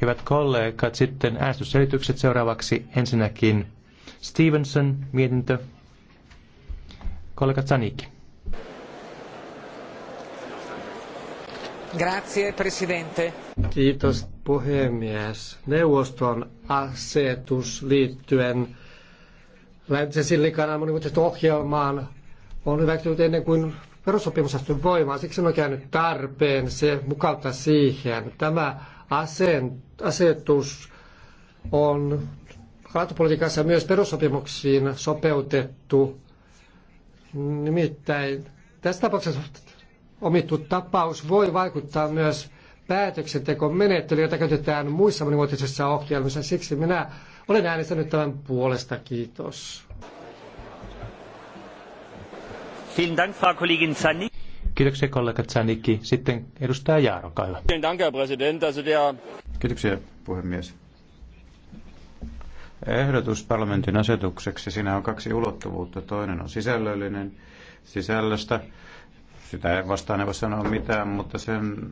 Hyvät kollegat, sitten äänestysselitykset seuraavaksi. Ensinnäkin Stevenson, mietintö. Kollega Zanikki. Grazie, presidente. Kiitos, puhemies. Neuvoston asetus liittyen läntisen sillikanaman ohjelmaan on hyväksynyt ennen kuin perussopimus astui voimaan, siksi on käynyt tarpeen se mukauttaa siihen. Tämä asetus on kaatopolitiikassa myös perussopimuksiin sopeutettu. Nimittäin tässä tapauksessa omittu tapaus voi vaikuttaa myös päätöksentekomenettelyyn, jota käytetään muissa monimuotoisissa ohjelmissa. Siksi minä olen äänestänyt tämän puolesta. Kiitos. Kiitoksia kollega Zanicki. Sitten edustaja Jaar, olkaa hyvä. Kiitoksia puhemies. Ehdotus parlamentin asetukseksi, siinä on kaksi ulottuvuutta. Toinen on sisällöllinen sisällöstä. Sitä ei vastaan ei voi sanoa mitään, mutta sen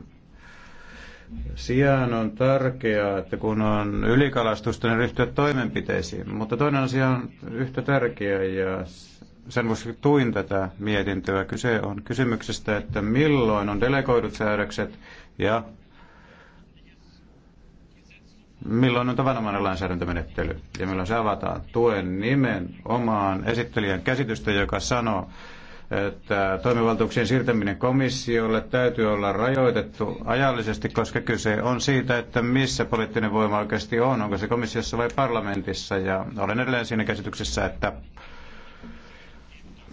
sijaan on tärkeää, että kun on ylikalastusta, niin ryhtyä toimenpiteisiin. Mutta toinen asia on yhtä tärkeä ja sen vuoksi tuin tätä mietintöä. Kyse on kysymyksestä, että milloin on delegoidut säädökset ja milloin on tavanomainen lainsäädäntömenettely ja milloin se avataan. Tuen nimen omaan esittelijän käsitystä, joka sanoo, että toimivaltuuksien siirtäminen komissiolle täytyy olla rajoitettu ajallisesti, koska kyse on siitä, että missä poliittinen voima oikeasti on, onko se komissiossa vai parlamentissa. Ja olen edelleen siinä käsityksessä, että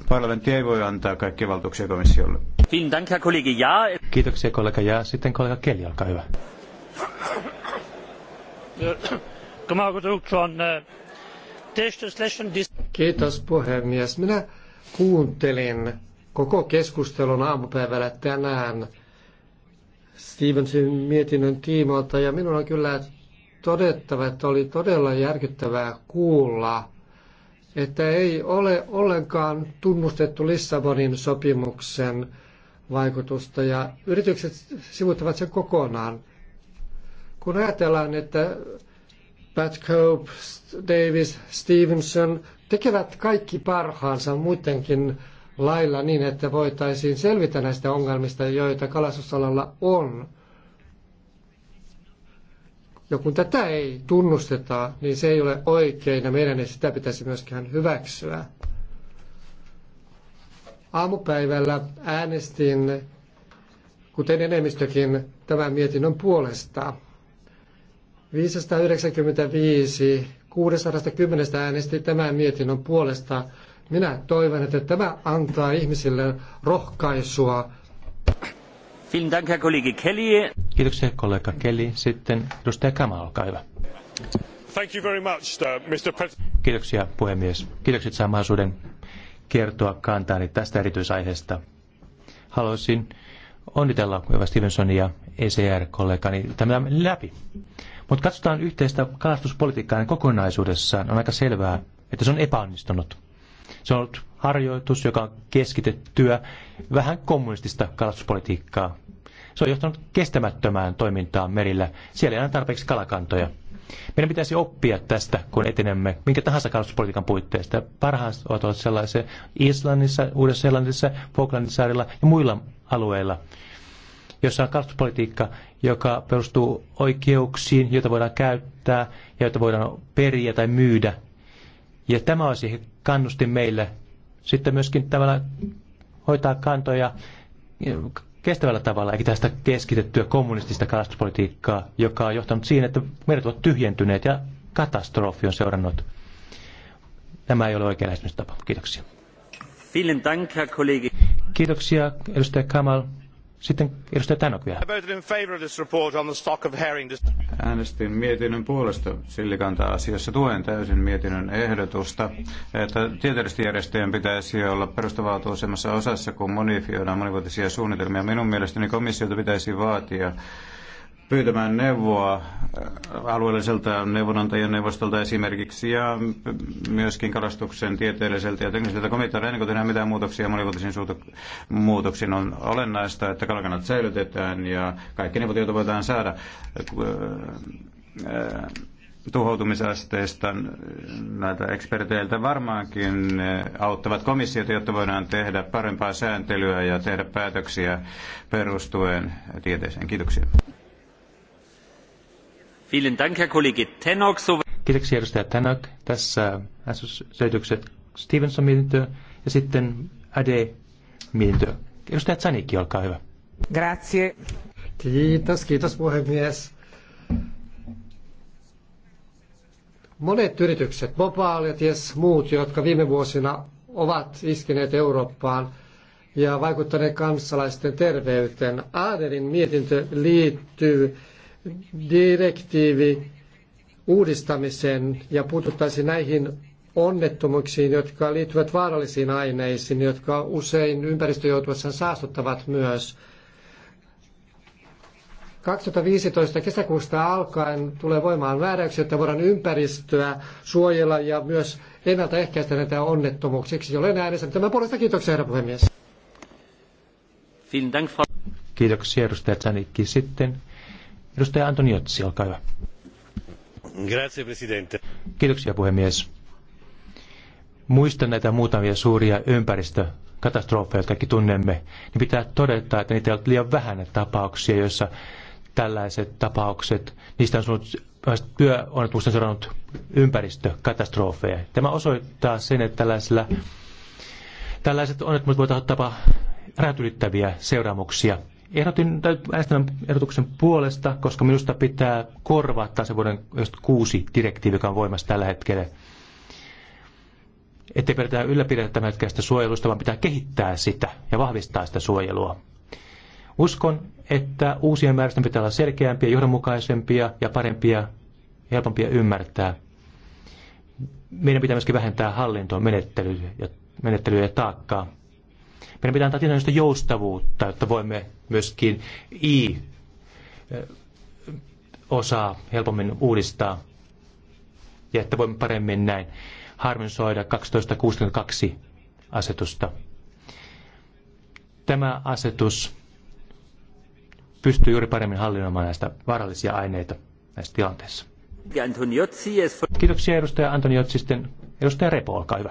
Parlamentti ei voi antaa kaikkia valtuuksia komissiolle. Kiitoksia kollega Jaa. sitten kollega Keli, olkaa hyvä. Uh, Kiitos puhemies. Minä kuuntelin koko keskustelun aamupäivällä tänään Stevensin mietinnön tiimoilta ja minun on kyllä todettava, että oli todella järkyttävää kuulla – että ei ole ollenkaan tunnustettu Lissabonin sopimuksen vaikutusta ja yritykset sivuttavat sen kokonaan. Kun ajatellaan, että Pat Cope, Davis, Stevenson tekevät kaikki parhaansa muutenkin lailla niin, että voitaisiin selvitä näistä ongelmista, joita kalastusalalla on. Ja kun tätä ei tunnusteta, niin se ei ole oikein ja meidän ei sitä pitäisi myöskään hyväksyä. Aamupäivällä äänestin, kuten enemmistökin, tämän mietinnön puolesta. 595 610 äänesti tämän mietinnön puolesta. Minä toivon, että tämä antaa ihmisille rohkaisua Kiitoksia kollega Kelly. Sitten edustaja Kamal, olkaa hyvä. Kiitoksia puhemies. Kiitokset saa mahdollisuuden kertoa kantaani tästä erityisaiheesta. Haluaisin onnitella Eva Stevensonia ECR-kollegani tämän läpi. Mutta katsotaan yhteistä kalastuspolitiikkaa kokonaisuudessaan. On aika selvää, että se on epäonnistunut. Se on ollut harjoitus, joka on keskitettyä vähän kommunistista kalastuspolitiikkaa. Se on johtanut kestämättömään toimintaan merillä. Siellä ei aina tarpeeksi kalakantoja. Meidän pitäisi oppia tästä, kun etenemme minkä tahansa kalastuspolitiikan puitteista. Parhaat ovat sellaisia Islannissa, Uudessa-Seelannissa, Falklandissaarilla ja muilla alueilla, jossa on kalastuspolitiikka, joka perustuu oikeuksiin, joita voidaan käyttää ja joita voidaan periä tai myydä. Ja tämä olisi kannustin meille sitten myöskin tavalla hoitaa kantoja kestävällä tavalla, eikä tästä keskitettyä kommunistista kalastuspolitiikkaa, joka on johtanut siihen, että meret ovat tyhjentyneet ja katastrofi on seurannut. Tämä ei ole oikea lähestymistapa. Kiitoksia. Vielen Dank, Herr Kollege. Kiitoksia, edustaja Kamal. Sitten edustaja Tänok vielä. Äänestin mietinnön puolesta sillikanta-asiassa. Tuen täysin mietinnön ehdotusta, että järjestöjen pitäisi olla perustavaltuusemmassa osassa, kun modifioidaan monivuotisia suunnitelmia. Minun mielestäni komissiota pitäisi vaatia pyytämään neuvoa äh, alueelliselta neuvonantajien neuvostolta esimerkiksi ja myöskin kalastuksen tieteelliseltä ja tekniseltä komitealta. Ennen kuin tehdään mitään muutoksia monivuotisiin muutoksiin, on olennaista, että kalakannat säilytetään ja kaikki neuvot, joita voidaan saada äh, tuhoutumisasteesta näitä eksperteiltä varmaankin äh, auttavat komissiota, jotta voidaan tehdä parempaa sääntelyä ja tehdä päätöksiä perustuen tieteeseen. Kiitoksia. Kiitoksia edustaja Tanok. Tässä selitykset Stevenson mietintö ja sitten Ade mietintö. Edustaja Zanikki, olkaa hyvä. Grazie. Kiitos, kiitos puhemies. Monet yritykset, globaalit ja yes, muut, jotka viime vuosina ovat iskeneet Eurooppaan ja vaikuttaneet kansalaisten terveyteen. Aderin mietintö liittyy direktiivi uudistamisen ja puututtaisiin näihin onnettomuuksiin, jotka liittyvät vaarallisiin aineisiin, jotka usein ympäristöjoutuessaan saastuttavat myös. 2015 kesäkuusta alkaen tulee voimaan määräyksiä, että voidaan ympäristöä suojella ja myös ennaltaehkäistä näitä onnettomuuksiksi. Olen äänestänyt tämän puolesta. Kiitoksia, herra puhemies. Kiitoksia, edustaja Tsanikki. Sitten Edustaja Otsi, olkaa hyvä. Grazie, presidente. Kiitoksia, puhemies. Muistan näitä muutamia suuria ympäristö katastrofeja, jotka kaikki tunnemme, niin pitää todeta, että niitä on liian vähän tapauksia, joissa tällaiset tapaukset, niistä on sunut ollut on seurannut ympäristökatastrofeja. Tämä osoittaa sen, että tällaisilla, tällaiset onnettomuudet voivat ottaa rajat ylittäviä seuraamuksia ehdotin äänestämään ehdotuksen puolesta, koska minusta pitää korvata se vuoden kuusi direktiivi, joka on voimassa tällä hetkellä. ei pidetä ylläpidetä tämän hetkestä suojelusta, vaan pitää kehittää sitä ja vahvistaa sitä suojelua. Uskon, että uusien määräysten pitää olla selkeämpiä, johdonmukaisempia ja parempia, helpompia ymmärtää. Meidän pitää myöskin vähentää hallintoa, menettelyä ja, menettelyä ja taakkaa meidän pitää antaa tietynlaista joustavuutta, jotta voimme myöskin I osaa helpommin uudistaa ja että voimme paremmin näin harmonisoida 1262 asetusta. Tämä asetus pystyy juuri paremmin hallinnoimaan näistä vaarallisia aineita näissä tilanteissa. Kiitoksia edustaja Antoniotsi. Sitten edustaja Repo, olkaa hyvä.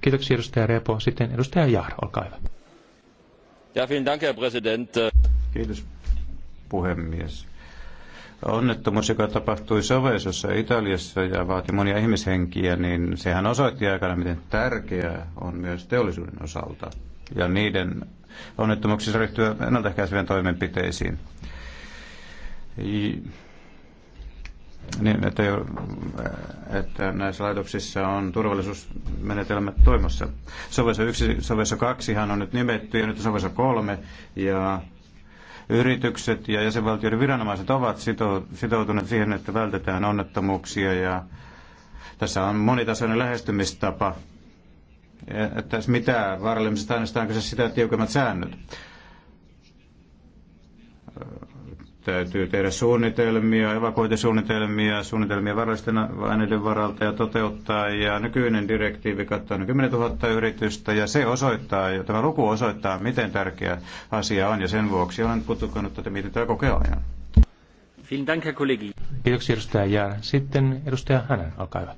Kiitoksia edustaja Repo. Sitten edustaja Jaar, olkaa hyvä. Ja, dank, Herr Kiitos, puhemies. Onnettomuus, joka tapahtui Sovesossa Italiassa ja vaati monia ihmishenkiä, niin sehän osoitti aikana, miten tärkeää on myös teollisuuden osalta ja niiden onnettomuuksissa ryhtyä ennaltaehkäisevien toimenpiteisiin niin, että, että näissä laitoksissa on turvallisuusmenetelmät toimossa. Sovessa 1, sovessa 2 on nyt nimetty ja nyt sovessa 3 ja yritykset ja jäsenvaltioiden viranomaiset ovat sitoutuneet siihen, että vältetään onnettomuuksia ja tässä on monitasoinen lähestymistapa. Että mitä vaarallisemmista aineista on kyse sitä tiukemmat säännöt Täytyy tehdä suunnitelmia, evakuointisuunnitelmia, suunnitelmia varallisten aineiden varalta ja toteuttaa. Ja nykyinen direktiivi kattaa 10 000 yritystä ja se osoittaa, ja tämä luku osoittaa, miten tärkeä asia on. Ja sen vuoksi olen putukannut tätä mietintöä kokea ajan. Kiitoksia edustaja Jaara. Sitten edustaja Hänen, olkaa hyvä.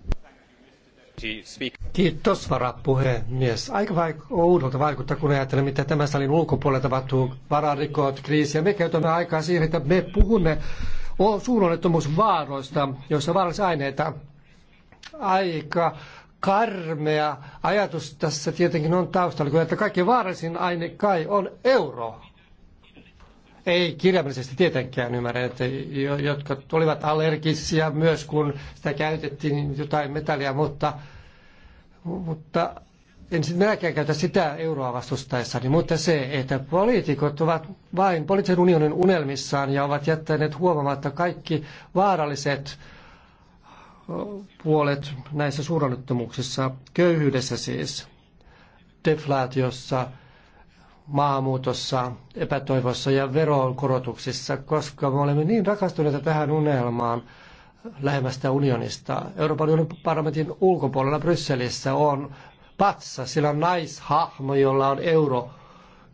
Kiitos varapuhemies. Aika vaik- oudolta vaikuttaa, kun ajattelen, mitä tämän salin ulkopuolella tapahtuu, vararikot, kriisi. Ja me käytämme aikaa siihen, että me puhumme suuronnettomuusvaaroista, joissa vaarallisia aineita. Aika karmea ajatus tässä tietenkin on taustalla, kun että kaikki vaarallisin aine kai on euro. Ei kirjallisesti tietenkään ymmärrä, että jotka olivat allergisia myös, kun sitä käytettiin niin jotain metallia, mutta, mutta en sitten minäkään käytä sitä euroa vastustaessani, mutta se, että poliitikot ovat vain poliittisen unionin unelmissaan ja ovat jättäneet huomaamatta kaikki vaaralliset puolet näissä suuronnettomuuksissa, köyhyydessä siis, deflaatiossa – maamuutossa, epätoivossa ja veronkorotuksissa, koska me olemme niin rakastuneita tähän unelmaan lähemmästä unionista. Euroopan unionin parlamentin ulkopuolella Brysselissä on patsa, sillä on naishahmo, jolla on euro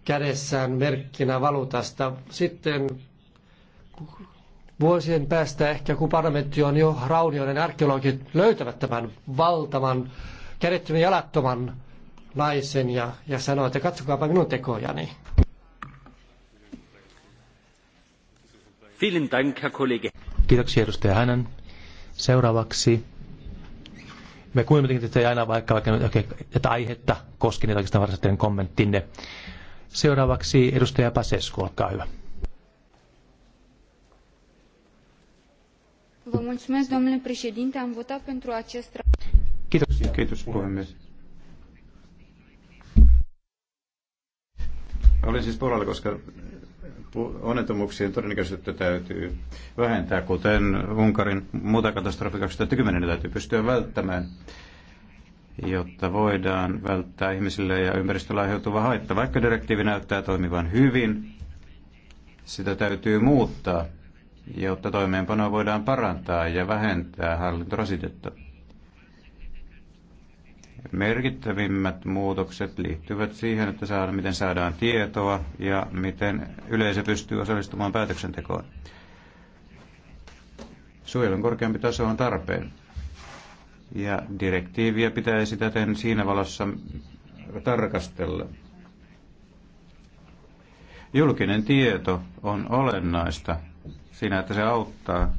kädessään merkkinä valuutasta. Sitten vuosien päästä ehkä, kun parlamentti on jo raunioiden arkeologit löytävät tämän valtavan kädettömän jalattoman naisen ja, ja sanoi, että katsokaapa minun tekojani. Kiitoksia edustaja Hänen. Seuraavaksi me kuulimme ei aina vaikka, vaikka okay, että aihetta koski, niin oikeastaan varsinaisesti kommenttinne. Seuraavaksi edustaja Pasesku, olkaa hyvä. Vă Kiitos. Kiitos, puhemies. Olen siis puolella, koska onnettomuuksien todennäköisyyttä täytyy vähentää, kuten Unkarin muuta katastrofi 2010 täytyy pystyä välttämään, jotta voidaan välttää ihmisille ja ympäristölle aiheutuva haitta. Vaikka direktiivi näyttää toimivan hyvin, sitä täytyy muuttaa, jotta toimeenpanoa voidaan parantaa ja vähentää hallintorasitetta. Merkittävimmät muutokset liittyvät siihen, että saadaan, miten saadaan tietoa ja miten yleisö pystyy osallistumaan päätöksentekoon. Suojelun korkeampi taso on tarpeen. Ja direktiiviä pitäisi täten siinä valossa tarkastella. Julkinen tieto on olennaista siinä, että se auttaa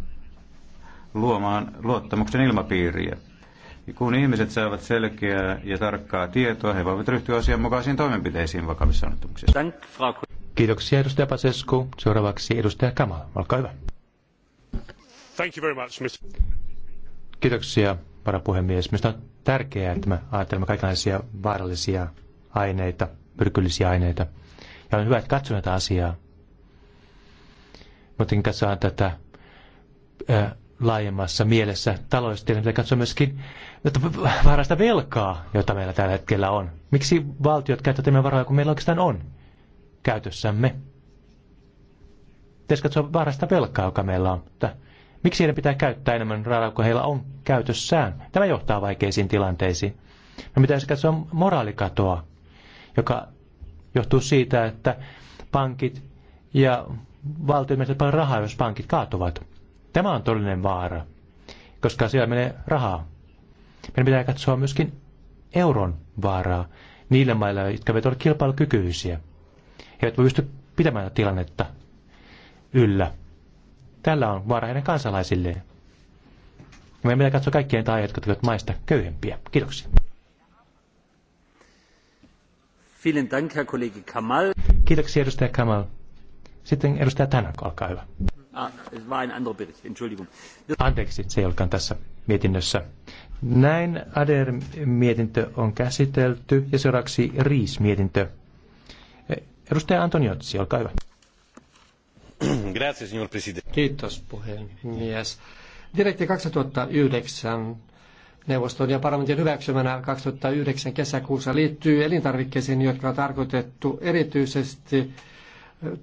luomaan luottamuksen ilmapiiriä. Kun ihmiset saavat selkeää ja tarkkaa tietoa, he voivat ryhtyä asianmukaisiin toimenpiteisiin vakavissa onnettomuuksissa. Kiitoksia edustaja Pasescu. Seuraavaksi edustaja Kamal. Olkaa hyvä. Thank you very much, Mr. Kiitoksia, varapuhemies. Minusta on tärkeää, että me ajattelemme kaikenlaisia vaarallisia aineita, myrkyllisiä aineita. Ja on hyvä, että katsotaan tätä asiaa. Mutta katsotaan tätä äh, laajemmassa mielessä taloustilanne, pitää katsoa myöskin varasta velkaa, jota meillä tällä hetkellä on. Miksi valtiot käyttävät enemmän varoja kuin meillä oikeastaan on käytössämme? Pitäisi katsoa varasta velkaa, joka meillä on. Miksi heidän pitää käyttää enemmän rahaa kuin heillä on käytössään? Tämä johtaa vaikeisiin tilanteisiin. No pitäisi katsoa moraalikatoa, joka johtuu siitä, että pankit ja valtiot menettävät paljon rahaa, jos pankit kaatuvat. Tämä on todellinen vaara, koska siellä menee rahaa. Meidän pitää katsoa myöskin euron vaaraa niille mailla, jotka eivät ole kilpailukykyisiä. He eivät voi pysty pitämään tilannetta yllä. Tällä on vaara heidän kansalaisilleen. Meidän pitää katsoa kaikkien taajat, jotka ovat maista köyhempiä. Kiitoksia. Vielen Dank, Herr Kollege Kamal. Kiitoksia, edustaja Kamal. Sitten edustaja Tänak, olkaa hyvä. Ah, Anteeksi, se ei olekaan tässä mietinnössä. Näin ader mietintö on käsitelty ja seuraavaksi RIIS-mietintö. Edustaja Antoniotsi, olkaa hyvä. Grazie, signor Presidente. Kiitos, puhemies. Direkti 2009 neuvoston ja parlamentin hyväksymänä 2009 kesäkuussa liittyy elintarvikkeisiin, jotka on tarkoitettu erityisesti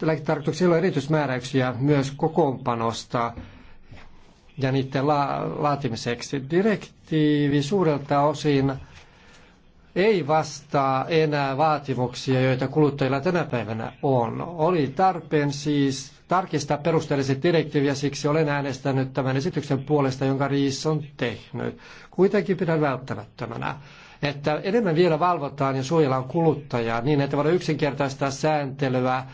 lääketarkoituksilla on erityismääräyksiä myös kokoonpanosta ja niiden la- laatimiseksi. Direktiivi suurelta osin ei vastaa enää vaatimuksia, joita kuluttajilla tänä päivänä on. Oli tarpeen siis tarkistaa perusteellisesti direktiiviä, siksi olen äänestänyt tämän esityksen puolesta, jonka Riis on tehnyt. Kuitenkin pidän välttämättömänä, että enemmän vielä valvotaan ja suojellaan kuluttajaa niin, että voidaan yksinkertaistaa sääntelyä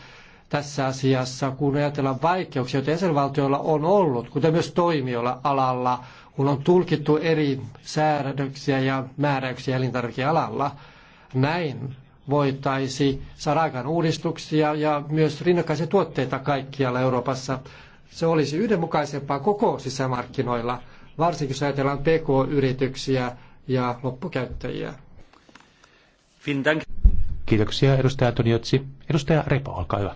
tässä asiassa, kun ajatellaan vaikeuksia, joita jäsenvaltioilla on ollut, kuten myös toimijoilla alalla, kun on tulkittu eri säädöksiä ja määräyksiä elintarvikealalla. Näin voitaisiin saada aikaan uudistuksia ja myös rinnakkaisia tuotteita kaikkialla Euroopassa. Se olisi yhdenmukaisempaa koko sisämarkkinoilla, varsinkin jos ajatellaan PK-yrityksiä ja loppukäyttäjiä. Kiitoksia edustaja Antoniotsi. Edustaja Repo, olkaa hyvä.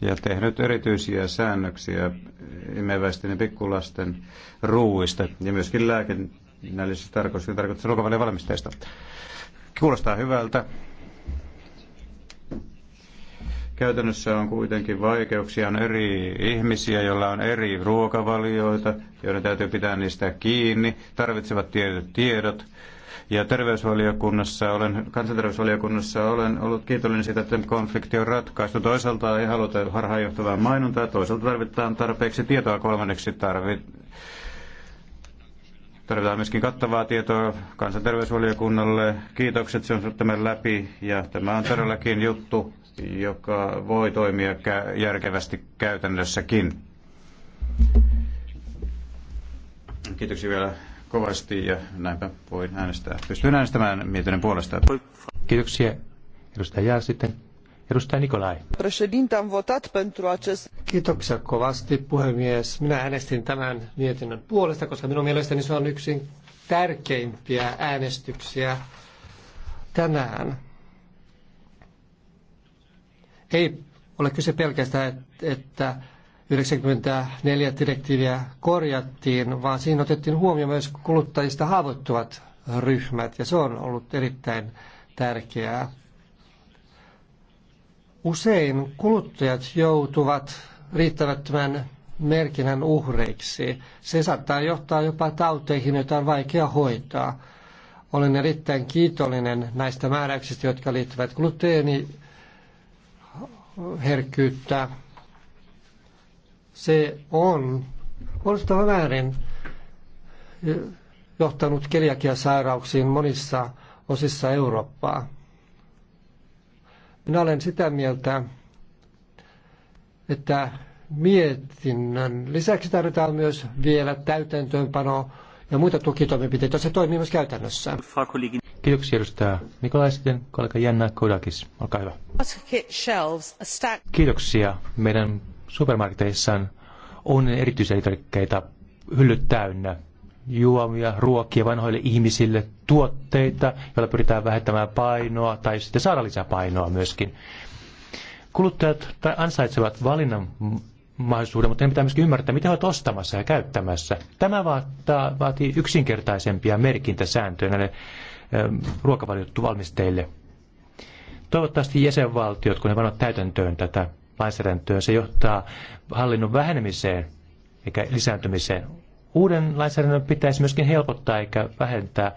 ja tehnyt erityisiä säännöksiä imeväisten ja pikkulasten ruuista ja myöskin lääkinnällisistä tarkoituksista tarkoituksista ruokavaliovalmisteista. Kuulostaa hyvältä. Käytännössä on kuitenkin vaikeuksia, on eri ihmisiä, joilla on eri ruokavalioita, joiden täytyy pitää niistä kiinni, tarvitsevat tietyt tiedot ja terveysvaliokunnassa olen, kansanterveysvaliokunnassa olen ollut kiitollinen siitä, että konflikti on ratkaistu. Toisaalta ei haluta harhaanjohtavaa mainontaa, toisaalta tarvitaan tarpeeksi tietoa, kolmanneksi tarvitaan Tarvitaan myöskin kattavaa tietoa kansanterveysvaliokunnalle. Kiitokset, se on tämän läpi ja tämä on todellakin juttu, joka voi toimia järkevästi käytännössäkin. Kiitoksia vielä kovasti ja näinpä voin äänestää. Pystyn äänestämään mietinnön puolesta. Kiitoksia. Edustaja Jär sitten. Edustaja Nikolai. votat Kiitoksia kovasti, puhemies. Minä äänestin tämän mietinnön puolesta, koska minun mielestäni se on yksi tärkeimpiä äänestyksiä tänään. Ei ole kyse pelkästään, että 94 direktiiviä korjattiin, vaan siinä otettiin huomioon myös kuluttajista haavoittuvat ryhmät, ja se on ollut erittäin tärkeää. Usein kuluttajat joutuvat riittävättömän merkinnän uhreiksi. Se saattaa johtaa jopa tauteihin, joita on vaikea hoitaa. Olen erittäin kiitollinen näistä määräyksistä, jotka liittyvät gluteeniherkkyyttä se on huolestuttava määrin eh, johtanut keliakiasairauksiin monissa osissa Eurooppaa. Minä olen sitä mieltä, että mietinnön lisäksi tarvitaan myös vielä täytäntöönpano ja muita tukitoimenpiteitä, se toimii myös käytännössä. Kiitoksia edustaja Nikolai sitten kollega Janna Kodakis, olkaa hyvä. Kiitoksia. Meidän supermarketeissaan on erityiselintarvikkeita hyllyt täynnä. Juomia, ruokia vanhoille ihmisille, tuotteita, joilla pyritään vähentämään painoa tai sitten saada lisää painoa myöskin. Kuluttajat tai ansaitsevat valinnan mahdollisuuden, mutta ne pitää myöskin ymmärtää, mitä ovat ostamassa ja käyttämässä. Tämä vaataa, vaatii yksinkertaisempia merkintäsääntöjä näille ruokavaliottu valmisteille. Toivottavasti jäsenvaltiot, kun ne vanhat täytäntöön tätä lainsäädäntöön. Se johtaa hallinnon vähenemiseen eikä lisääntymiseen. Uuden lainsäädännön pitäisi myöskin helpottaa eikä vähentää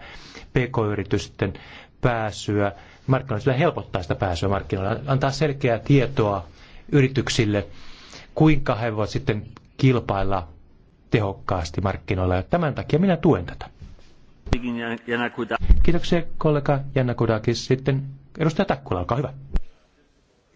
pk-yritysten pääsyä markkinoille, sillä helpottaa sitä pääsyä markkinoille, antaa selkeää tietoa yrityksille, kuinka he voivat sitten kilpailla tehokkaasti markkinoilla. Ja tämän takia minä tuen tätä. Kiitoksia kollega Janna Kudakis. Sitten edustaja Takkula, olkaa hyvä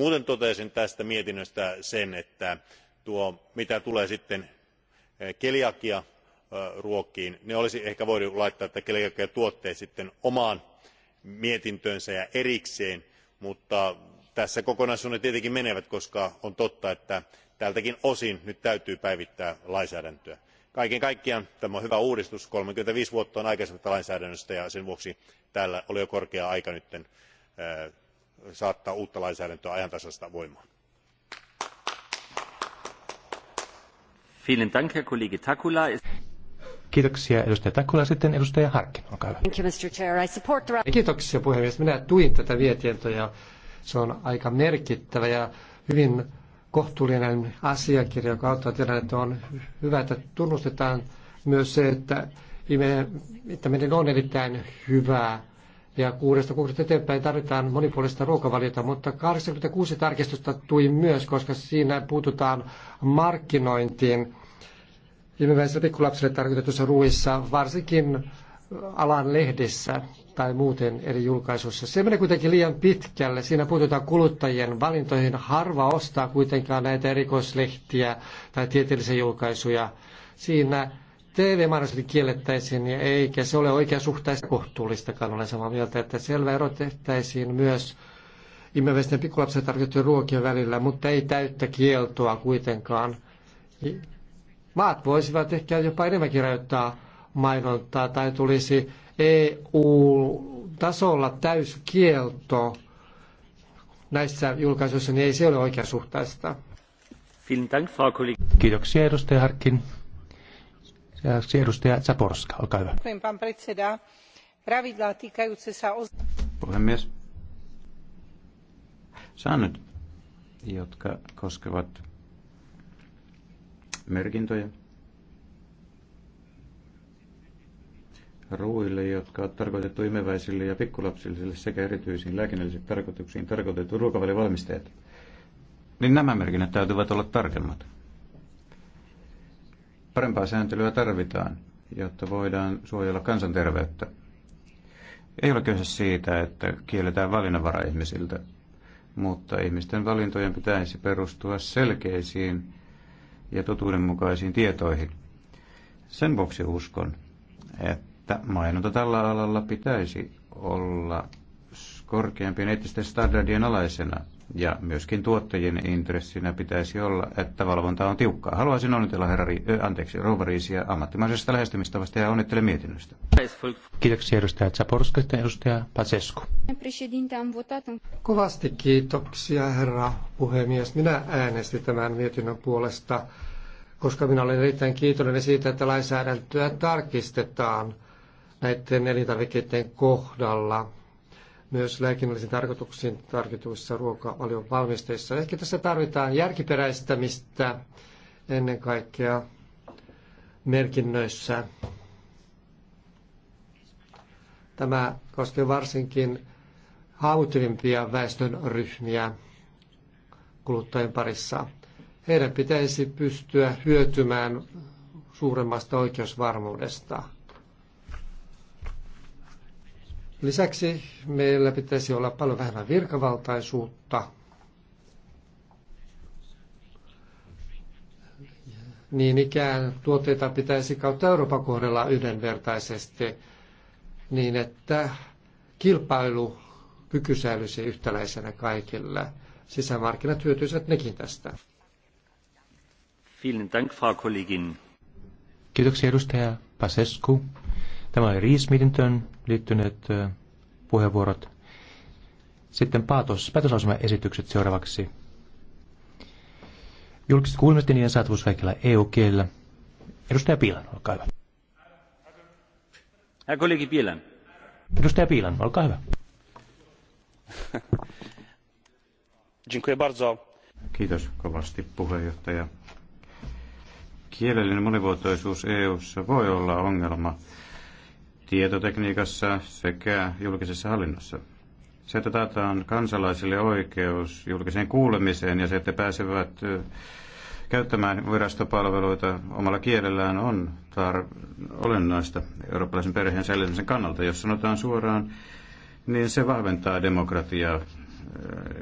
muuten toteaisin tästä mietinnöstä sen että mitä tulee sitten eh, keliakiaruokiin ne olisi ehkä voitu laittaa keliakiatuotteet sitten omaan mietintöönsä ja erikseen mutta tässä kokonaisuus ne tietenkin menevät koska on totta että tältäkin osin nyt täytyy päivittää lainsäädäntöä. kaiken kaikkiaan tämä on hyvä uudistus kolmekymmentäviisi vuotta on aikaisemmasta lainsäädännöstä ja sen vuoksi täällä oli jo korkea aika nyt saattaa uutta lainsäädäntöä ajantasaista voimaan. Kiitoksia edustaja Takula. Sitten edustaja Harkin, olkaa hyvä. Kiitoksia puhemies. Minä tuin tätä vietintöä. Se on aika merkittävä ja hyvin kohtuullinen asiakirja, joka auttaa tilannetta. On hyvä, että tunnustetaan myös se, että, että meidän on erittäin hyvää ja kuudesta kuukaudesta eteenpäin tarvitaan monipuolista ruokavaliota, mutta 86 tarkistusta tuli myös, koska siinä puututaan markkinointiin ilmeisesti pikkulapsille tarkoitetussa ruuissa, varsinkin alan lehdissä tai muuten eri julkaisuissa. Se menee kuitenkin liian pitkälle. Siinä puututaan kuluttajien valintoihin. Harva ostaa kuitenkaan näitä erikoislehtiä tai tieteellisiä julkaisuja. Siinä TV-mainoskin kiellettäisiin, eikä se ole oikea suhtaista kohtuullistakaan. Olen samaa mieltä, että selvä ero tehtäisiin myös imeväisten pikulapsille tarkoitettujen ruokien välillä, mutta ei täyttä kieltoa kuitenkaan. Maat voisivat ehkä jopa enemmänkin rajoittaa mainontaa tai tulisi EU-tasolla täyskielto näissä julkaisuissa, niin ei se ole oikeasuhtaista. Kiitoksia edustaja Harkin. Seuraavaksi siis edustaja Zaborska, Puhemies. Säännöt, jotka koskevat merkintöjä ruuille, jotka on tarkoitettu imeväisille ja pikkulapsille sekä erityisiin lääkinnällisiin tarkoituksiin tarkoitettu ruokavalivalmisteet, niin nämä merkinnät täytyvät olla tarkemmat. Parempaa sääntelyä tarvitaan, jotta voidaan suojella kansanterveyttä. Ei ole kyse siitä, että kielletään valinnanvara ihmisiltä, mutta ihmisten valintojen pitäisi perustua selkeisiin ja totuudenmukaisiin tietoihin. Sen vuoksi uskon, että mainonta tällä alalla pitäisi olla korkeampien eettisten standardien alaisena ja myöskin tuottajien intressinä pitäisi olla, että valvonta on tiukkaa. Haluaisin onnitella herra, ö, anteeksi, rouva Riisiä ammattimaisesta lähestymistavasta ja onnittele mietinnöstä. Kiitoksia edustaja Zaporska ja edustaja Pasesku. Kovasti kiitoksia herra puhemies. Minä äänestin tämän mietinnön puolesta, koska minä olen erittäin kiitollinen siitä, että lainsäädäntöä tarkistetaan näiden elintarvikkeiden kohdalla myös lääkinnällisiin tarkoituksiin tarkoituissa ruokavalion valmisteissa. Ehkä tässä tarvitaan järkiperäistämistä ennen kaikkea merkinnöissä. Tämä koskee varsinkin haavoittuvimpia väestönryhmiä kuluttajien parissa. Heidän pitäisi pystyä hyötymään suuremmasta oikeusvarmuudesta. Lisäksi meillä pitäisi olla paljon vähemmän virkavaltaisuutta. Niin ikään tuotteita pitäisi kautta Euroopan kohdella yhdenvertaisesti niin, että kilpailu kyky säilyisi yhtäläisenä kaikille. Sisämarkkinat hyötyisivät nekin tästä. Vielen Dank, Frau Kollegin. Kiitoksia edustaja Pasescu. Tämä oli riis liittyneet puheenvuorot. Sitten päätös, esitykset seuraavaksi. Julkiset kuulemiset ja niiden saatavuus kaikilla EU-kielillä. Edustaja Piilan, olkaa hyvä. Herr kollegi Piilan. Edustaja Piilan, olkaa hyvä. Kiitos kovasti puheenjohtaja. Kielellinen monivuotoisuus EU:ssa voi olla ongelma tietotekniikassa sekä julkisessa hallinnossa. Se, että taataan kansalaisille oikeus julkiseen kuulemiseen ja se, että pääsevät käyttämään virastopalveluita omalla kielellään on tar- olennaista eurooppalaisen perheen säilymisen kannalta. Jos sanotaan suoraan, niin se vahventaa demokratiaa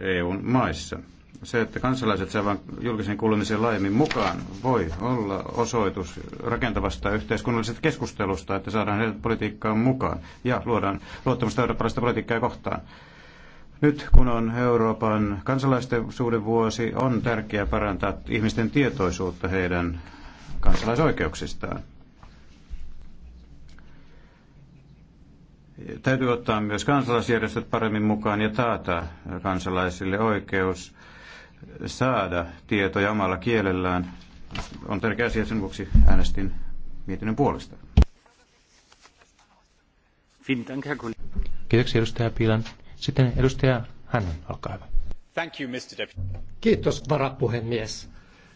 EUn maissa se, että kansalaiset saavat julkisen kuulemisen laajemmin mukaan, voi olla osoitus rakentavasta yhteiskunnallisesta keskustelusta, että saadaan heidät politiikkaan mukaan ja luodaan luottamusta eurooppalaista politiikkaa kohtaan. Nyt kun on Euroopan kansalaisten vuosi, on tärkeää parantaa ihmisten tietoisuutta heidän kansalaisoikeuksistaan. Täytyy ottaa myös kansalaisjärjestöt paremmin mukaan ja taata kansalaisille oikeus saada tietoja omalla kielellään. On tärkeä asia, sen vuoksi äänestin mietinnön puolesta. Kiitoksia edustaja Piilan. Sitten edustaja Hännan, olkaa hyvä. Thank you, Mr. Kiitos varapuhemies.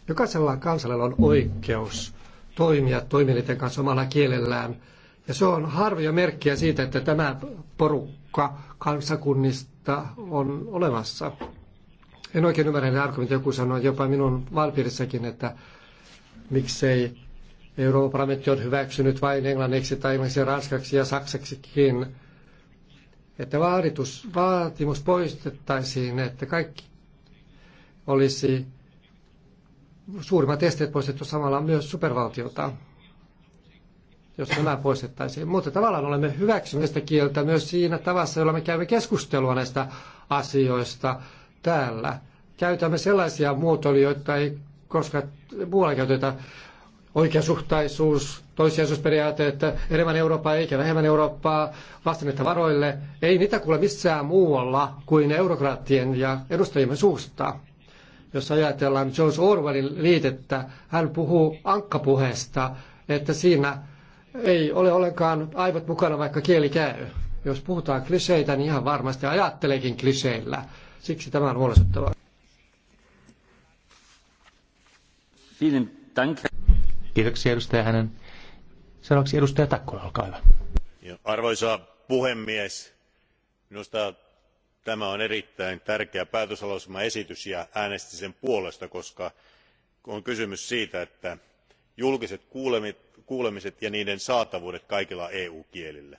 Jokaisella kansalla on oikeus toimia toimielinten kanssa omalla kielellään. Ja se on harvoja merkkiä siitä, että tämä porukka kansakunnista on olemassa. En oikein ymmärrä ne argumentit. Joku sanoi jopa minun valpiirissäkin, että miksei Euroopan parlamentti on hyväksynyt vain englanniksi tai englanniksi ja ranskaksi ja saksaksikin. Että vaaditus, vaatimus poistettaisiin, että kaikki olisi suurimmat esteet poistettu samalla myös supervaltiota, jos nämä poistettaisiin. Mutta tavallaan olemme hyväksymistä kieltä myös siinä tavassa, jolla me käymme keskustelua näistä asioista täällä käytämme sellaisia muotoiluja, joita ei koskaan muualla käytetä oikeasuhtaisuus, toissijaisuusperiaate, että enemmän Eurooppaa eikä vähemmän Eurooppaa vastennetta varoille. Ei niitä kuule missään muualla kuin eurokraattien ja edustajien suusta. Jos ajatellaan George Orwellin liitettä, hän puhuu ankkapuheesta, että siinä ei ole ollenkaan aivot mukana, vaikka kieli käy. Jos puhutaan kliseitä, niin ihan varmasti ajatteleekin kliseillä. Siksi tämä on huolestuttavaa. Kiitoksia edustaja hänen. Seuraavaksi edustaja Takkola, olkaa hyvä. Arvoisa puhemies, minusta tämä on erittäin tärkeä esitys ja äänestin sen puolesta koska on kysymys siitä että julkiset kuulemiset ja niiden saatavuudet kaikilla eu kielillä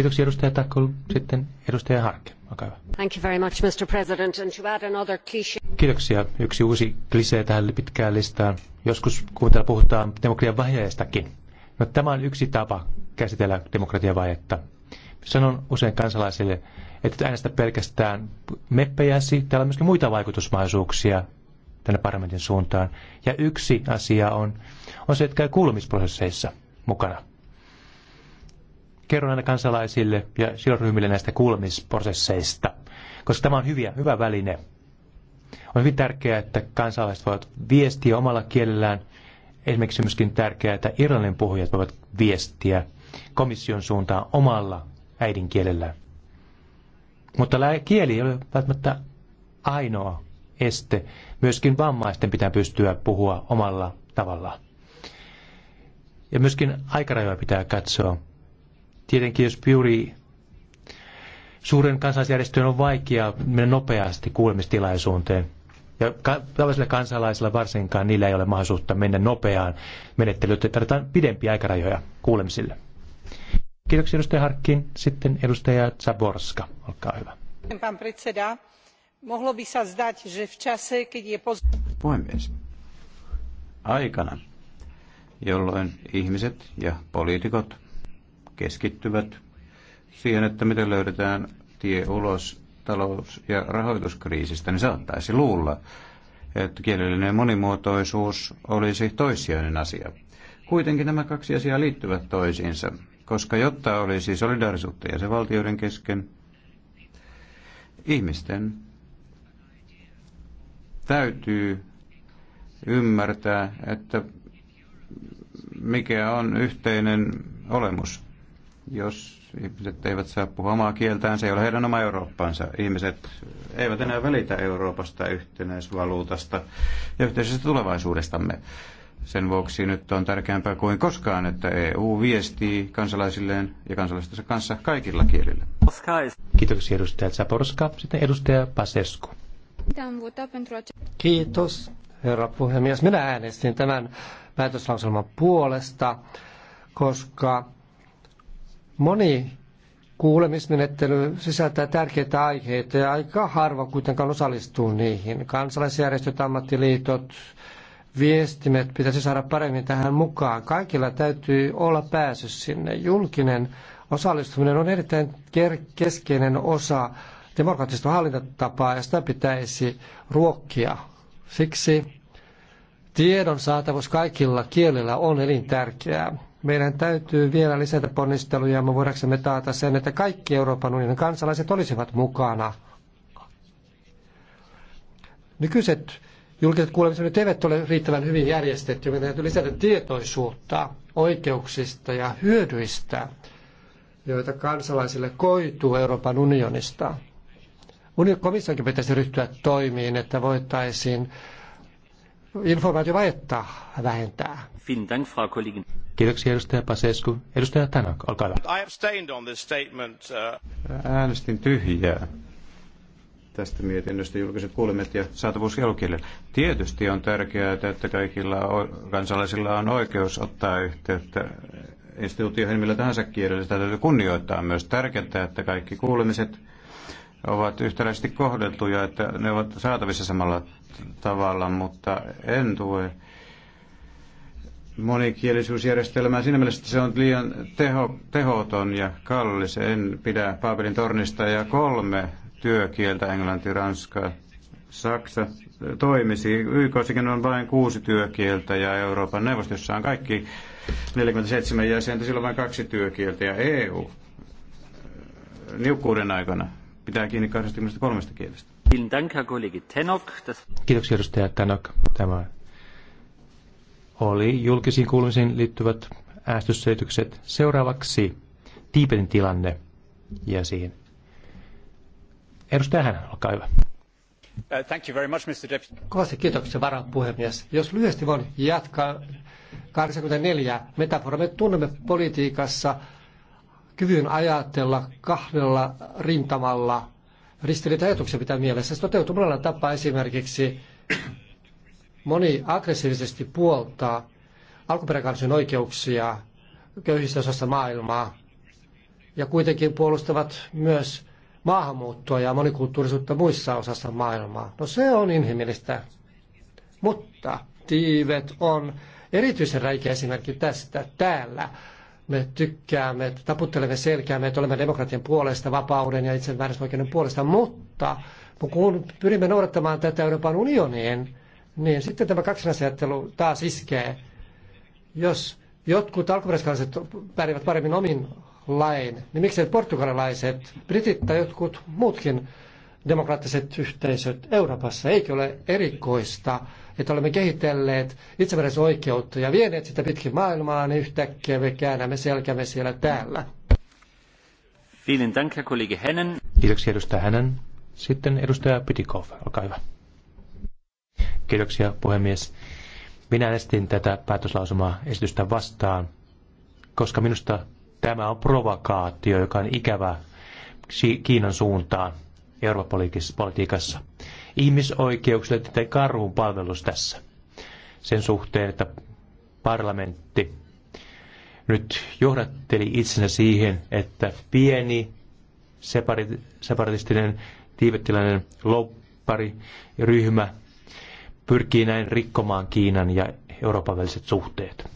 Kiitoksia edustaja Sitten edustaja Olkaa hyvä. Thank you very much, Mr. President. And to add another cliche... Kiitoksia. Yksi uusi klisee tähän pitkään listaan. Joskus kun täällä puhutaan demokratian vajeestakin. No, tämä on yksi tapa käsitellä demokratian vajetta. Sanon usein kansalaisille, että et äänestä pelkästään meppejäsi. Täällä on myöskin muita vaikutusmahdollisuuksia tänne parlamentin suuntaan. Ja yksi asia on, on se, että käy kuulumisprosesseissa mukana kerron aina kansalaisille ja sidosryhmille näistä kuulemisprosesseista, koska tämä on hyviä, hyvä väline. On hyvin tärkeää, että kansalaiset voivat viestiä omalla kielellään. Esimerkiksi myöskin tärkeää, että Irlannin puhujat voivat viestiä komission suuntaan omalla äidinkielellään. Mutta kieli ei ole välttämättä ainoa este. Myöskin vammaisten pitää pystyä puhua omalla tavallaan. Ja myöskin aikarajoja pitää katsoa tietenkin jos Pyuri suuren kansalaisjärjestöön on vaikea mennä nopeasti kuulemistilaisuuteen. Ja ka- tavallisilla kansalaisilla varsinkaan niillä ei ole mahdollisuutta mennä nopeaan menettelyyn, joten tarvitaan pidempiä aikarajoja kuulemisille. Kiitoksia edustaja Harkkin. Sitten edustaja Zaborska, olkaa hyvä. Puhemies, aikana, jolloin ihmiset ja poliitikot keskittyvät siihen, että miten löydetään tie ulos talous- ja rahoituskriisistä, niin saattaisi luulla, että kielellinen monimuotoisuus olisi toissijainen asia. Kuitenkin nämä kaksi asiaa liittyvät toisiinsa, koska jotta olisi solidaarisuutta jäsenvaltioiden kesken, ihmisten täytyy ymmärtää, että mikä on yhteinen olemus jos ihmiset eivät saa puhua omaa kieltään, se ei ole heidän oma Eurooppaansa. Ihmiset eivät enää välitä Euroopasta, yhtenäisvaluutasta ja yhteisestä tulevaisuudestamme. Sen vuoksi nyt on tärkeämpää kuin koskaan, että EU viestii kansalaisilleen ja kansalaistensa kanssa kaikilla kielillä. Kiitoksia edustaja Zaporska, Sitten edustaja Pasesku. Kiitos, herra puhemies. Minä äänestin tämän päätöslauselman puolesta, koska Moni kuulemismenettely sisältää tärkeitä aiheita ja aika harva kuitenkaan osallistuu niihin. Kansalaisjärjestöt, ammattiliitot, viestimet pitäisi saada paremmin tähän mukaan. Kaikilla täytyy olla pääsy sinne. Julkinen osallistuminen on erittäin keskeinen osa demokraattista hallintatapaa ja sitä pitäisi ruokkia. Siksi tiedon saatavuus kaikilla kielillä on elintärkeää meidän täytyy vielä lisätä ponnisteluja, me voidaksemme taata sen, että kaikki Euroopan unionin kansalaiset olisivat mukana. Nykyiset julkiset kuulemiset eivät ole riittävän hyvin järjestetty, meidän täytyy lisätä tietoisuutta oikeuksista ja hyödyistä, joita kansalaisille koituu Euroopan unionista. Unionin komissionkin pitäisi ryhtyä toimiin, että voitaisiin informaatiovajetta vähentää. Kiitoksia edustaja Pasescu. Edustaja Tanak, olkaa hyvä. Uh, Äänestin tyhjää tästä mietinnöstä julkiset kuulemet ja saatavuus jalokirjalle. Tietysti on tärkeää, että kaikilla kansalaisilla on oikeus ottaa yhteyttä instituutioihin millä tahansa kielellä. Sitä täytyy kunnioittaa myös tärkeää, että kaikki kuulemiset ovat yhtäläisesti kohdeltuja, että ne ovat saatavissa samalla tavalla, mutta en tue monikielisyysjärjestelmää. Siinä mielessä se on liian teho, tehoton ja kallis. En pidä Paapelin tornista ja kolme työkieltä, englanti, ranska, saksa, toimisi. YKssakin on vain kuusi työkieltä ja Euroopan neuvostossa on kaikki 47 jäsentä, silloin vain kaksi työkieltä ja EU niukkuuden aikana pitää kiinni 23 kielestä. Kiitoksia edustaja Tanok. Tämä oli julkisiin kuulumisiin liittyvät äästysselitykset. Seuraavaksi Tiipetin tilanne ja siihen. Edustaja Hänen, olkaa hyvä. Uh, thank you very much, Mr. Deputy. Kovasti kiitoksia, varapuhemies. Jos lyhyesti voin jatkaa 84 metaforaa. Me tunnemme politiikassa kyvyn ajatella kahdella rintamalla ristiriita-ajatuksia pitää mielessä. Se toteutuu monella tapaa esimerkiksi moni aggressiivisesti puoltaa alkuperäkansojen oikeuksia köyhissä osassa maailmaa ja kuitenkin puolustavat myös maahanmuuttoa ja monikulttuurisuutta muissa osassa maailmaa. No se on inhimillistä. Mutta tiivet on erityisen räikeä esimerkki tästä täällä me tykkäämme, taputtelemme selkäämme, että olemme demokratian puolesta, vapauden ja itsemääräämisoikeuden puolesta, mutta kun pyrimme noudattamaan tätä Euroopan unioniin, niin sitten tämä kaksinaisajattelu taas iskee. Jos jotkut alkuperäiskansalaiset pärjäävät paremmin omin lain, niin miksei portugalilaiset, britit tai jotkut muutkin demokraattiset yhteisöt Euroopassa. Eikö ole erikoista, että olemme kehitelleet itsemääräämisoikeutta ja vieneet sitä pitkin maailmaa, niin yhtäkkiä me käännämme selkämme siellä täällä. Vielen dank, Herr Kollege Hennen. Kiitoksia edustaja Hennen. Sitten edustaja Pitikov, olkaa hyvä. Kiitoksia puhemies. Minä äänestin tätä päätöslausumaa esitystä vastaan, koska minusta tämä on provokaatio, joka on ikävä Kiinan suuntaan. Eurooppa-politiikassa. Ihmisoikeuksille teette karhun palvelus tässä sen suhteen, että parlamentti nyt johdatteli itsensä siihen, että pieni separatistinen tiivettiläinen loppariryhmä pyrkii näin rikkomaan Kiinan ja Euroopan väliset suhteet.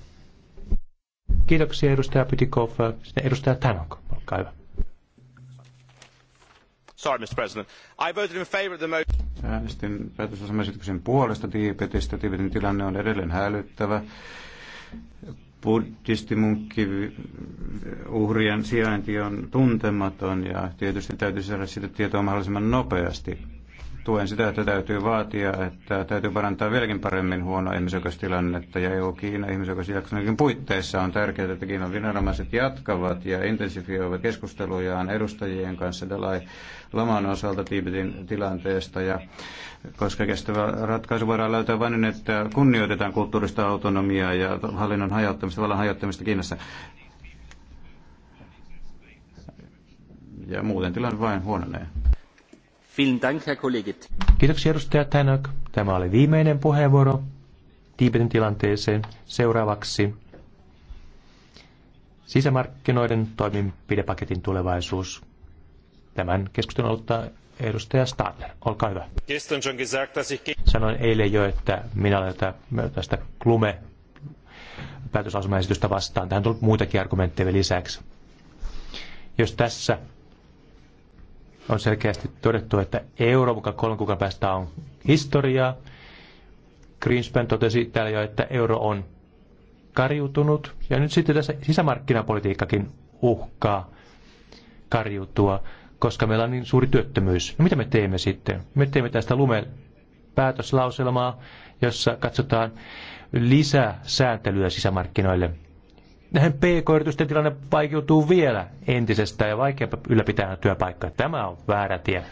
Kiitoksia edustaja Pytikov. Edustaja Tanok, olkaa hyvä. Sorry, Mr. President. I voted in favor of the motion. Äänestin päätösasemaesityksen puolesta Tiibetistä. Tiibetin tilanne on edelleen hälyttävä. Buddhistimunkki uhrien sijainti on tuntematon ja tietysti täytyy saada sitä tietoa mahdollisimman nopeasti tuen sitä, että täytyy vaatia, että täytyy parantaa vieläkin paremmin huono ihmisoikeustilannetta ja EU-Kiina ihmisoikeusjaksonkin puitteissa on tärkeää, että Kiinan viranomaiset jatkavat ja intensifioivat keskustelujaan edustajien kanssa Dalai Laman osalta Tiibetin tilanteesta ja koska kestävä ratkaisu voidaan löytää vain niin, että kunnioitetaan kulttuurista autonomiaa ja hallinnon hajauttamista, vallan hajauttamista Kiinassa. Ja muuten tilanne vain huononee. Kiitoksia edustaja Tänök. Tämä oli viimeinen puheenvuoro Tiibetin tilanteeseen. Seuraavaksi sisämarkkinoiden toimenpidepaketin tulevaisuus. Tämän keskustelun aloittaa edustaja Stadler. Olkaa hyvä. Sanoin eilen jo, että minä olen tästä Klume päätösasemaesitystä vastaan. Tähän on tullut muitakin argumentteja lisäksi. Jos tässä on selkeästi todettu, että euro muka kolmen kuukauden päästä on historiaa. Greenspan totesi täällä jo, että euro on karjutunut. Ja nyt sitten tässä sisämarkkinapolitiikkakin uhkaa karjutua, koska meillä on niin suuri työttömyys. No mitä me teemme sitten? Me teemme tästä lumen päätöslauselmaa, jossa katsotaan lisää sääntelyä sisämarkkinoille – näin pk-yritysten tilanne vaikeutuu vielä entisestään ja vaikea ylläpitää työpaikkaa. Tämä on väärä tie.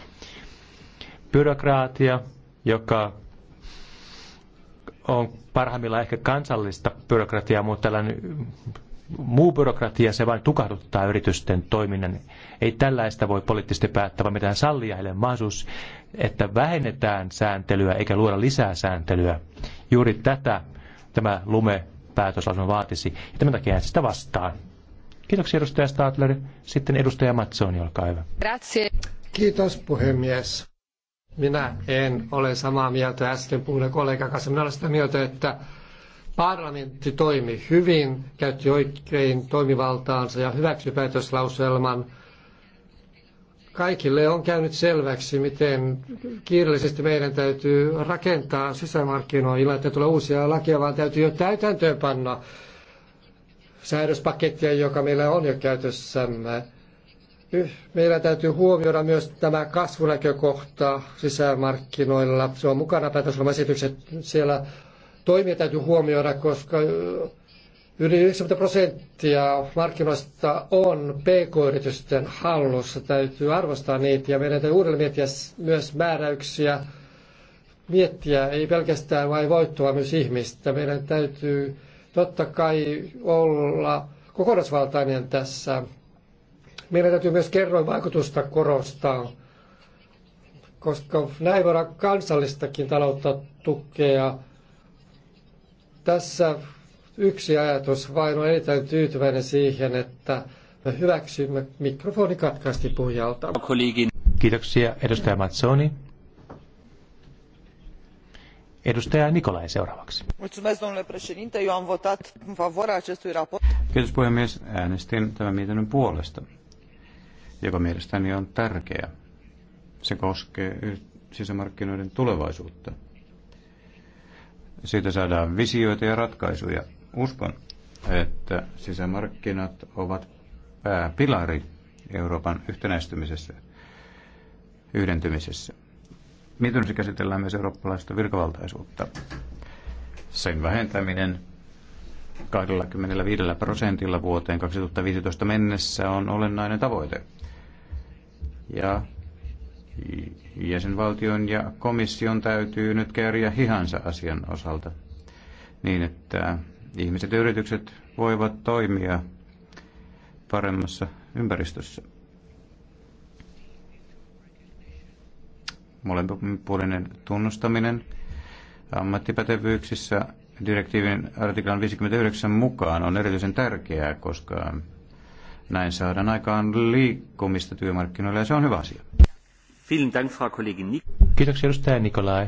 Byrokraatia, joka on parhaimmillaan ehkä kansallista byrokratiaa, mutta tällainen muu byrokratia, se vain tukahduttaa yritysten toiminnan. Ei tällaista voi poliittisesti päättää, vaan mitään sallia heille mahdollisuus, että vähennetään sääntelyä eikä luoda lisää sääntelyä. Juuri tätä tämä lume päätöslausuma vaatisi. Ja tämän takia sitä vastaan. Kiitoksia edustaja Stadler. Sitten edustaja Matsoni, olkaa hyvä. Grazie. Kiitos puhemies. Minä en ole samaa mieltä äsken puhuneen kollegan kanssa. Minä olen sitä mieltä, että parlamentti toimi hyvin, käytti oikein toimivaltaansa ja hyväksyi päätöslauselman, Kaikille on käynyt selväksi, miten kiireellisesti meidän täytyy rakentaa sisämarkkinoilla, että tulee uusia lakeja, vaan täytyy jo täytäntöön panna säädöspakettia, joka meillä on jo käytössämme. Meillä täytyy huomioida myös tämä kasvunäkökohta sisämarkkinoilla. Se on mukana päätöslomaesitykset. Siellä toimia täytyy huomioida, koska Yli 90 prosenttia markkinoista on pk-yritysten hallussa. Täytyy arvostaa niitä ja meidän täytyy uudelleen miettiä myös määräyksiä. Miettiä ei pelkästään vain voittoa, myös ihmistä. Meidän täytyy totta kai olla kokonaisvaltainen tässä. Meidän täytyy myös kerroin vaikutusta korostaa, koska näin voidaan kansallistakin taloutta tukea. Tässä yksi ajatus vain on erittäin tyytyväinen siihen, että me hyväksymme mikrofoni katkaisti puhujalta. Kiitoksia edustaja Mazzoni. Edustaja Nikolai seuraavaksi. Kiitos puhemies. Äänestin tämän mietinnön puolesta, joka mielestäni on tärkeä. Se koskee sisämarkkinoiden tulevaisuutta. Siitä saadaan visioita ja ratkaisuja Uskon, että sisämarkkinat ovat pääpilari Euroopan yhtenäistymisessä, yhdentymisessä. se käsitellään myös eurooppalaista virkavaltaisuutta. Sen vähentäminen 25 prosentilla vuoteen 2015 mennessä on olennainen tavoite. Ja jäsenvaltion ja komission täytyy nyt kääriä hihansa asian osalta niin, että ihmiset ja yritykset voivat toimia paremmassa ympäristössä. Molempipuolinen tunnustaminen ammattipätevyyksissä direktiivin artiklan 59 mukaan on erityisen tärkeää, koska näin saadaan aikaan liikkumista työmarkkinoilla ja se on hyvä asia. Kiitoksia edustaja Nikolai.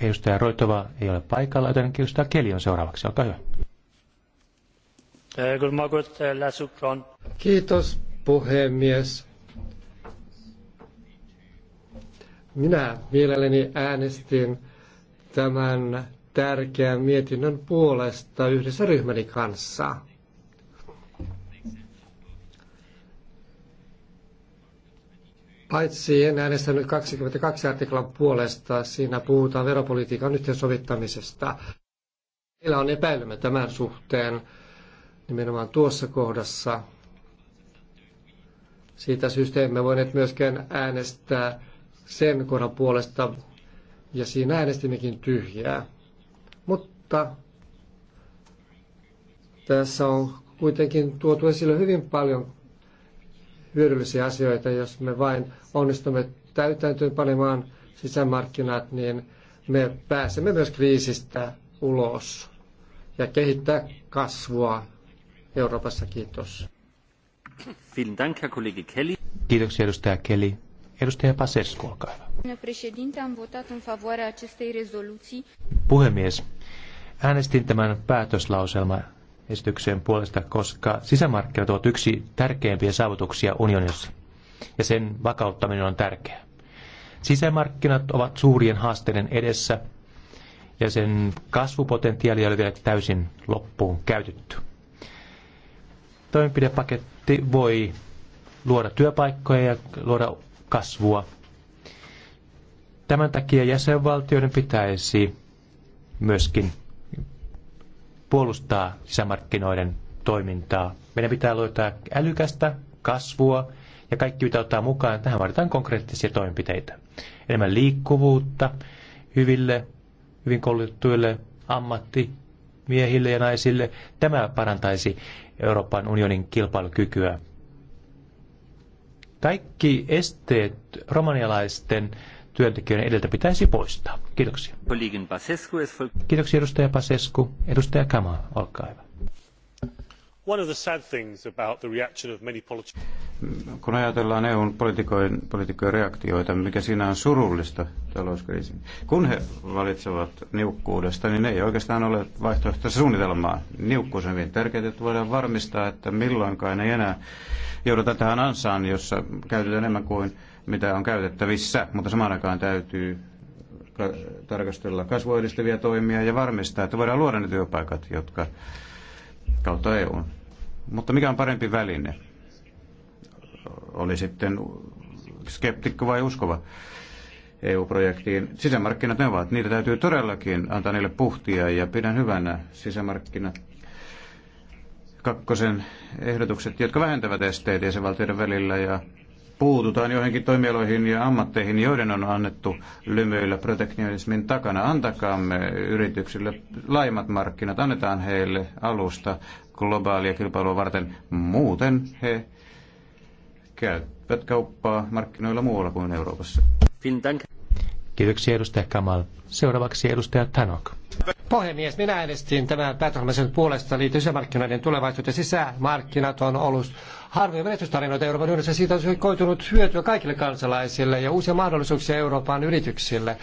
Edustaja Roitova ei ole paikalla, joten edustaja Keli on seuraavaksi. Olkaa hyvä. Eh, eh, Kiitos puhemies. Minä mielelläni äänestin tämän tärkeän mietinnön puolesta yhdessä ryhmäni kanssa. Paitsi en äänestänyt 22 artiklan puolesta, siinä puhutaan veropolitiikan yhteensovittamisesta. Meillä on epäilymme tämän suhteen nimenomaan tuossa kohdassa. Siitä syystä emme voineet myöskään äänestää sen kohdan puolesta, ja siinä äänestimmekin tyhjää. Mutta tässä on kuitenkin tuotu esille hyvin paljon hyödyllisiä asioita. Jos me vain onnistumme täytäntöön panemaan sisämarkkinat, niin me pääsemme myös kriisistä ulos ja kehittää kasvua Euroopassa. Kiitos. Kiitoksia edustaja Kelly. Edustaja Pasescu, olkaa hyvä. Puhemies, äänestin tämän päätöslauselman esityksen puolesta, koska sisämarkkinat ovat yksi tärkeimpiä saavutuksia unionissa ja sen vakauttaminen on tärkeää. Sisämarkkinat ovat suurien haasteiden edessä ja sen kasvupotentiaali ei ole vielä täysin loppuun käytetty. Toimenpidepaketti voi luoda työpaikkoja ja luoda kasvua. Tämän takia jäsenvaltioiden pitäisi myöskin puolustaa sisämarkkinoiden toimintaa. Meidän pitää löytää älykästä kasvua ja kaikki pitää ottaa mukaan. Tähän vaaditaan konkreettisia toimenpiteitä. Enemmän liikkuvuutta hyville, hyvin koulutettuille ammattimiehille ja naisille. Tämä parantaisi Euroopan unionin kilpailukykyä. Kaikki esteet romanialaisten työntekijöiden edeltä pitäisi poistaa. Kiitoksia. Kiitoksia edustaja Pasescu. Edustaja Kama, olkaa hyvä. One of the sad things about the reaction of many Kun ajatellaan EUn poliitikojen, poliitikojen reaktioita, mikä siinä on surullista talouskriisiin, kun he valitsevat niukkuudesta, niin ei oikeastaan ole vaihtoehto suunnitelmaa. Niukkuus on hyvin tärkeää, että voidaan varmistaa, että milloinkaan ei enää jouduta tähän ansaan, jossa käytetään enemmän kuin mitä on käytettävissä, mutta samaan aikaan täytyy tarkastella kasvua edistäviä toimia ja varmistaa, että voidaan luoda ne työpaikat, jotka kautta EU, Mutta mikä on parempi väline? Oli sitten skeptikko vai uskova EU-projektiin. Sisämarkkinat ne ovat, niitä täytyy todellakin antaa niille puhtia ja pidän hyvänä sisämarkkinat kakkosen ehdotukset, jotka vähentävät esteitä jäsenvaltioiden välillä ja puututaan joihinkin toimialoihin ja ammatteihin, joiden on annettu lymyillä protektionismin takana. Antakaamme yrityksille laimat markkinat, annetaan heille alusta globaalia kilpailua varten. Muuten he käyttävät kauppaa markkinoilla muualla kuin Euroopassa. Vielen Kiitoksia edustaja Kamal. Seuraavaksi edustaja Tanok. Puhemies, minä äänestin tämän päätöksen puolesta liittyen sisämarkkinoiden tulevaisuuteen. Sisämarkkinat on ollut harvoja menestystarinoita Euroopan unionissa. Siitä on koitunut hyötyä kaikille kansalaisille ja uusia mahdollisuuksia Euroopan yrityksille.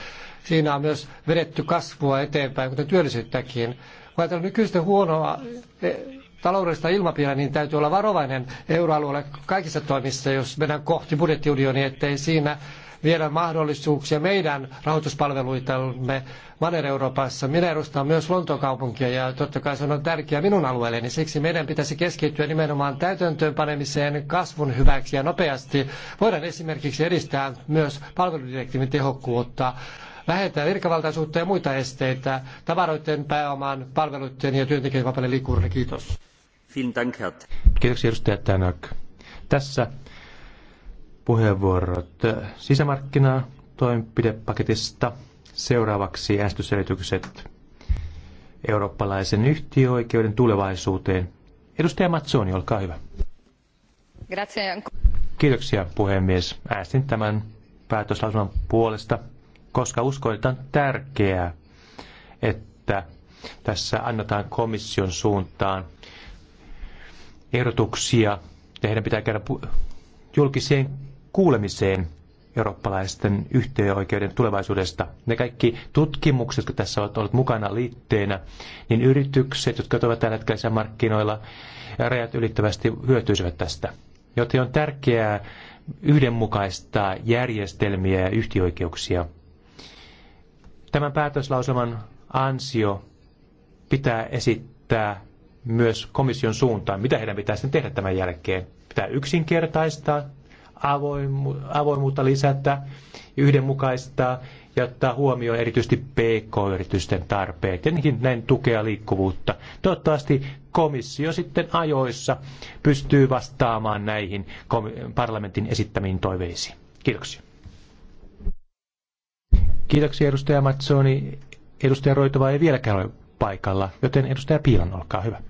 Siinä on myös vedetty kasvua eteenpäin, kuten työllisyyttäkin. Kun ajatellaan nykyistä huonoa e, taloudellista ilmapiiriä, niin täytyy olla varovainen euroalueelle kaikissa toimissa, jos mennään kohti budjettiunionia, ettei siinä viedä mahdollisuuksia meidän rahoituspalveluitamme Manner-Euroopassa. Minä edustan myös Lontoon kaupunkia ja totta kai se on tärkeää minun alueelleni. Siksi meidän pitäisi keskittyä nimenomaan täytäntöönpanemiseen kasvun hyväksi ja nopeasti. Voidaan esimerkiksi edistää myös palveludirektiivin tehokkuutta vähentää virkavaltaisuutta ja muita esteitä tavaroiden, pääoman, palveluiden ja työntekijöiden vapaalle liikkuvuudelle. Kiitos. Kiitoksia edustaja Tässä puheenvuorot sisämarkkinatoimenpidepaketista. Seuraavaksi äänestysselitykset eurooppalaisen yhtiöoikeuden tulevaisuuteen. Edustaja Mazzoni, olkaa hyvä. Kiitoksia puhemies. Äänestin tämän päätöslausuman puolesta, koska uskon, että on tärkeää, että tässä annetaan komission suuntaan ehdotuksia heidän pitää käydä julkiseen kuulemiseen eurooppalaisten yhteyden tulevaisuudesta. Ne kaikki tutkimukset, jotka tässä ovat olleet mukana liitteenä, niin yritykset, jotka ovat tällä hetkellä markkinoilla, rajat ylittävästi hyötyisivät tästä. Joten on tärkeää yhdenmukaistaa järjestelmiä ja yhtiöoikeuksia. Tämän päätöslauselman ansio pitää esittää myös komission suuntaan, mitä heidän pitää sitten tehdä tämän jälkeen. Pitää yksinkertaistaa avoimu, avoimuutta lisätä, yhdenmukaistaa ja ottaa huomioon erityisesti PK-yritysten tarpeet. Tietenkin näin tukea liikkuvuutta. Toivottavasti komissio sitten ajoissa pystyy vastaamaan näihin parlamentin esittämiin toiveisiin. Kiitoksia. Kiitoksia edustaja Matsoni. Edustaja Roitova ei vieläkään ole paikalla, joten edustaja Piilan, olkaa hyvä.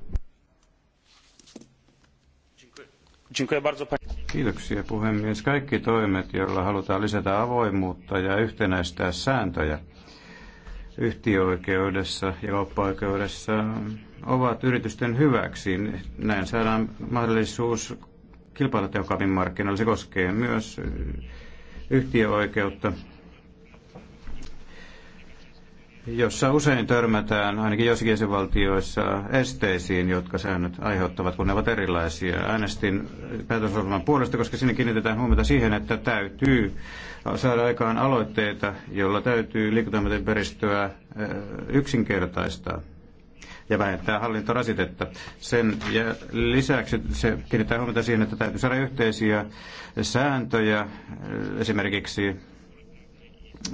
Kiitoksia puhemies. Kaikki toimet, joilla halutaan lisätä avoimuutta ja yhtenäistää sääntöjä yhtiöoikeudessa ja kauppaoikeudessa, ovat yritysten hyväksi. Näin saadaan mahdollisuus kilpailla tehokkaammin markkinoilla. Se koskee myös yhtiöoikeutta jossa usein törmätään ainakin joissakin jäsenvaltioissa esteisiin, jotka säännöt aiheuttavat, kun ne ovat erilaisia. Äänestin päätösohjelman puolesta, koska siinä kiinnitetään huomiota siihen, että täytyy saada aikaan aloitteita, joilla täytyy liikuntaympäristöä eh, yksinkertaistaa ja vähentää hallintorasitetta. Sen ja lisäksi se kiinnittää huomiota siihen, että täytyy saada yhteisiä sääntöjä eh, esimerkiksi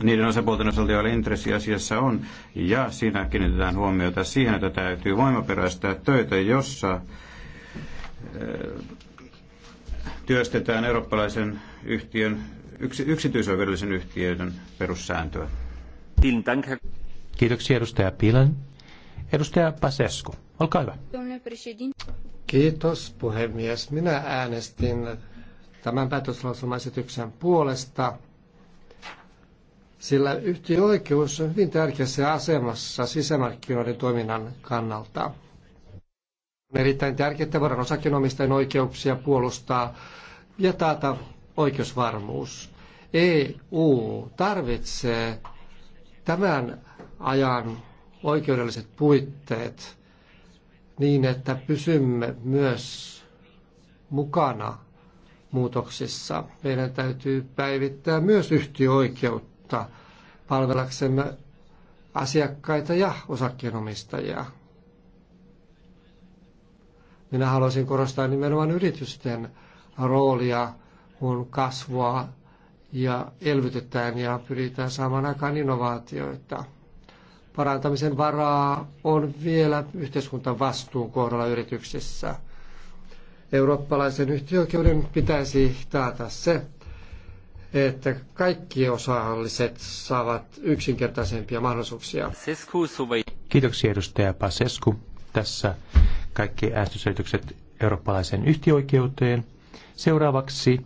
niiden osapuolten osalta, joilla intressi asiassa on. Ja siinä kiinnitetään huomiota siihen, että täytyy voimaperäistää töitä, jossa eh, työstetään eurooppalaisen yhtiön, yksityisoikeudellisen yhtiöiden perussääntöä. Kiitoksia edustaja Pilan. Edustaja Pasescu, olkaa hyvä. Kiitos puhemies. Minä äänestin tämän päätöslauselmaesityksen puolesta sillä yhtiöoikeus on hyvin tärkeässä asemassa sisämarkkinoiden toiminnan kannalta. On erittäin tärkeää voidaan osakkeenomistajien oikeuksia puolustaa ja taata oikeusvarmuus. EU tarvitsee tämän ajan oikeudelliset puitteet niin, että pysymme myös mukana muutoksissa. Meidän täytyy päivittää myös yhtiöoikeutta taloutta palvelaksemme asiakkaita ja osakkeenomistajia. Minä haluaisin korostaa nimenomaan yritysten roolia, kun kasvua ja elvytetään ja pyritään saamaan aikaan innovaatioita. Parantamisen varaa on vielä yhteiskunnan vastuun kohdalla yrityksissä. Eurooppalaisen yhtiöoikeuden pitäisi taata se, että kaikki osahalliset saavat yksinkertaisempia mahdollisuuksia. Kiitoksia edustaja Pasesku. Tässä kaikki äänestysselitykset eurooppalaiseen yhtiöoikeuteen. Seuraavaksi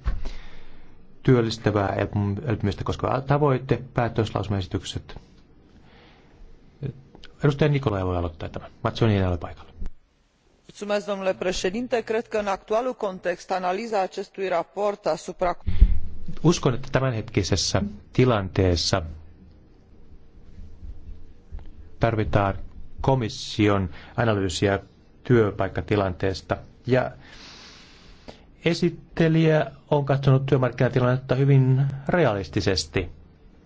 työllistävää elpymistä koskeva tavoite, päätöslausumaesitykset. Edustaja Nikolai voi aloittaa tämän. Matsoni ei ole paikalla. Mulțumesc, domnule președinte. Cred că în actualul context analiza acestui raport asupra uskon, että tämänhetkisessä tilanteessa tarvitaan komission analyysiä työpaikkatilanteesta. Ja esittelijä on katsonut työmarkkinatilannetta hyvin realistisesti.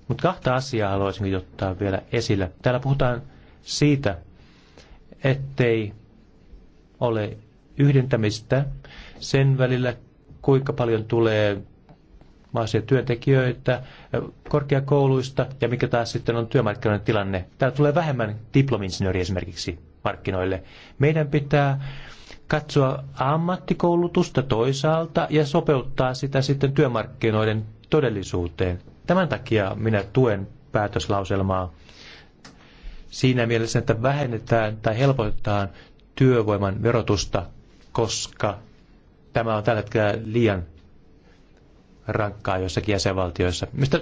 Mutta kahta asiaa haluaisin ottaa vielä esille. Täällä puhutaan siitä, ettei ole yhdentämistä sen välillä, kuinka paljon tulee maaseudun työntekijöitä korkeakouluista ja mikä taas sitten on työmarkkinoiden tilanne. Täällä tulee vähemmän diplomi-insinööriä esimerkiksi markkinoille. Meidän pitää katsoa ammattikoulutusta toisaalta ja sopeuttaa sitä sitten työmarkkinoiden todellisuuteen. Tämän takia minä tuen päätöslauselmaa siinä mielessä, että vähennetään tai helpotetaan työvoiman verotusta, koska tämä on tällä hetkellä liian rankkaa jossakin jäsenvaltioissa. Mistä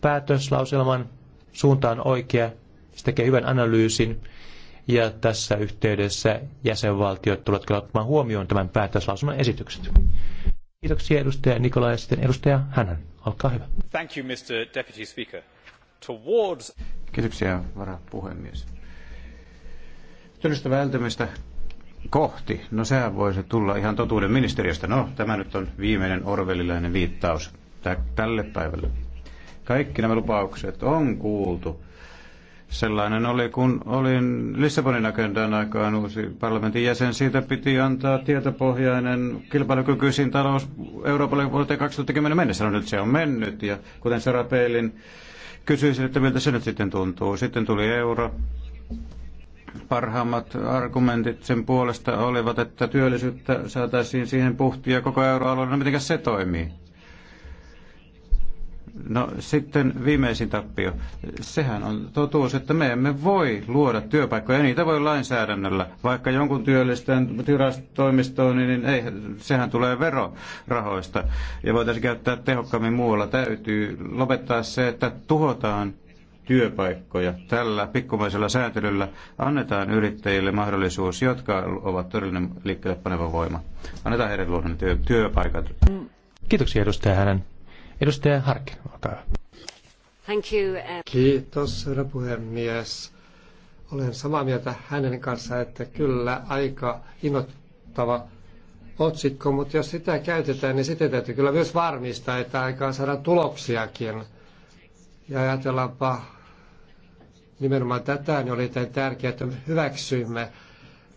päätöslauselman suunta on oikea, se tekee hyvän analyysin, ja tässä yhteydessä jäsenvaltiot tulevat kyllä ottamaan huomioon tämän päätöslauselman esitykset. Kiitoksia edustaja Nikola ja sitten edustaja Hänän. Olkaa hyvä. Thank you, Mr. Deputy Speaker. Towards... Kiitoksia, varapuhemies. Työllistävää välttämistä kohti. No sehän voisi tulla ihan totuuden ministeriöstä. No, tämä nyt on viimeinen orvelilainen viittaus tälle päivälle. Kaikki nämä lupaukset on kuultu. Sellainen oli, kun olin Lissabonin agendan aikaan uusi parlamentin jäsen. Siitä piti antaa tietopohjainen kilpailukykyisin talous Euroopalle vuoteen 2010 mennessä. No nyt se on mennyt ja kuten Sara Peilin kysyisin, että miltä se nyt sitten tuntuu. Sitten tuli euro, Parhaimmat argumentit sen puolesta olivat, että työllisyyttä saataisiin siihen puhtia koko euroalueella. No mitenkäs se toimii? No sitten viimeisin tappio. Sehän on totuus, että me emme voi luoda työpaikkoja. Niitä voi lainsäädännöllä. Vaikka jonkun työllistään toimistoon, niin, niin ei, sehän tulee verorahoista. Ja voitaisiin käyttää tehokkaammin muualla. Täytyy lopettaa se, että tuhotaan työpaikkoja. Tällä pikkumaisella sääntelyllä annetaan yrittäjille mahdollisuus, jotka ovat todellinen liikkeelle paneva voima. Annetaan heidän luonnon työ, työpaikat. Kiitoksia edustaja hänen. Edustaja Harkin, olkaa hyvä. Thank you. Eh. Kiitos, herra puhemies. Olen samaa mieltä hänen kanssaan, että kyllä aika innoittava otsikko, mutta jos sitä käytetään, niin sitä täytyy kyllä myös varmistaa, että aikaan saadaan tuloksiakin. Ja ajatellaanpa nimenomaan tätä, niin oli erittäin tärkeää, että me hyväksyimme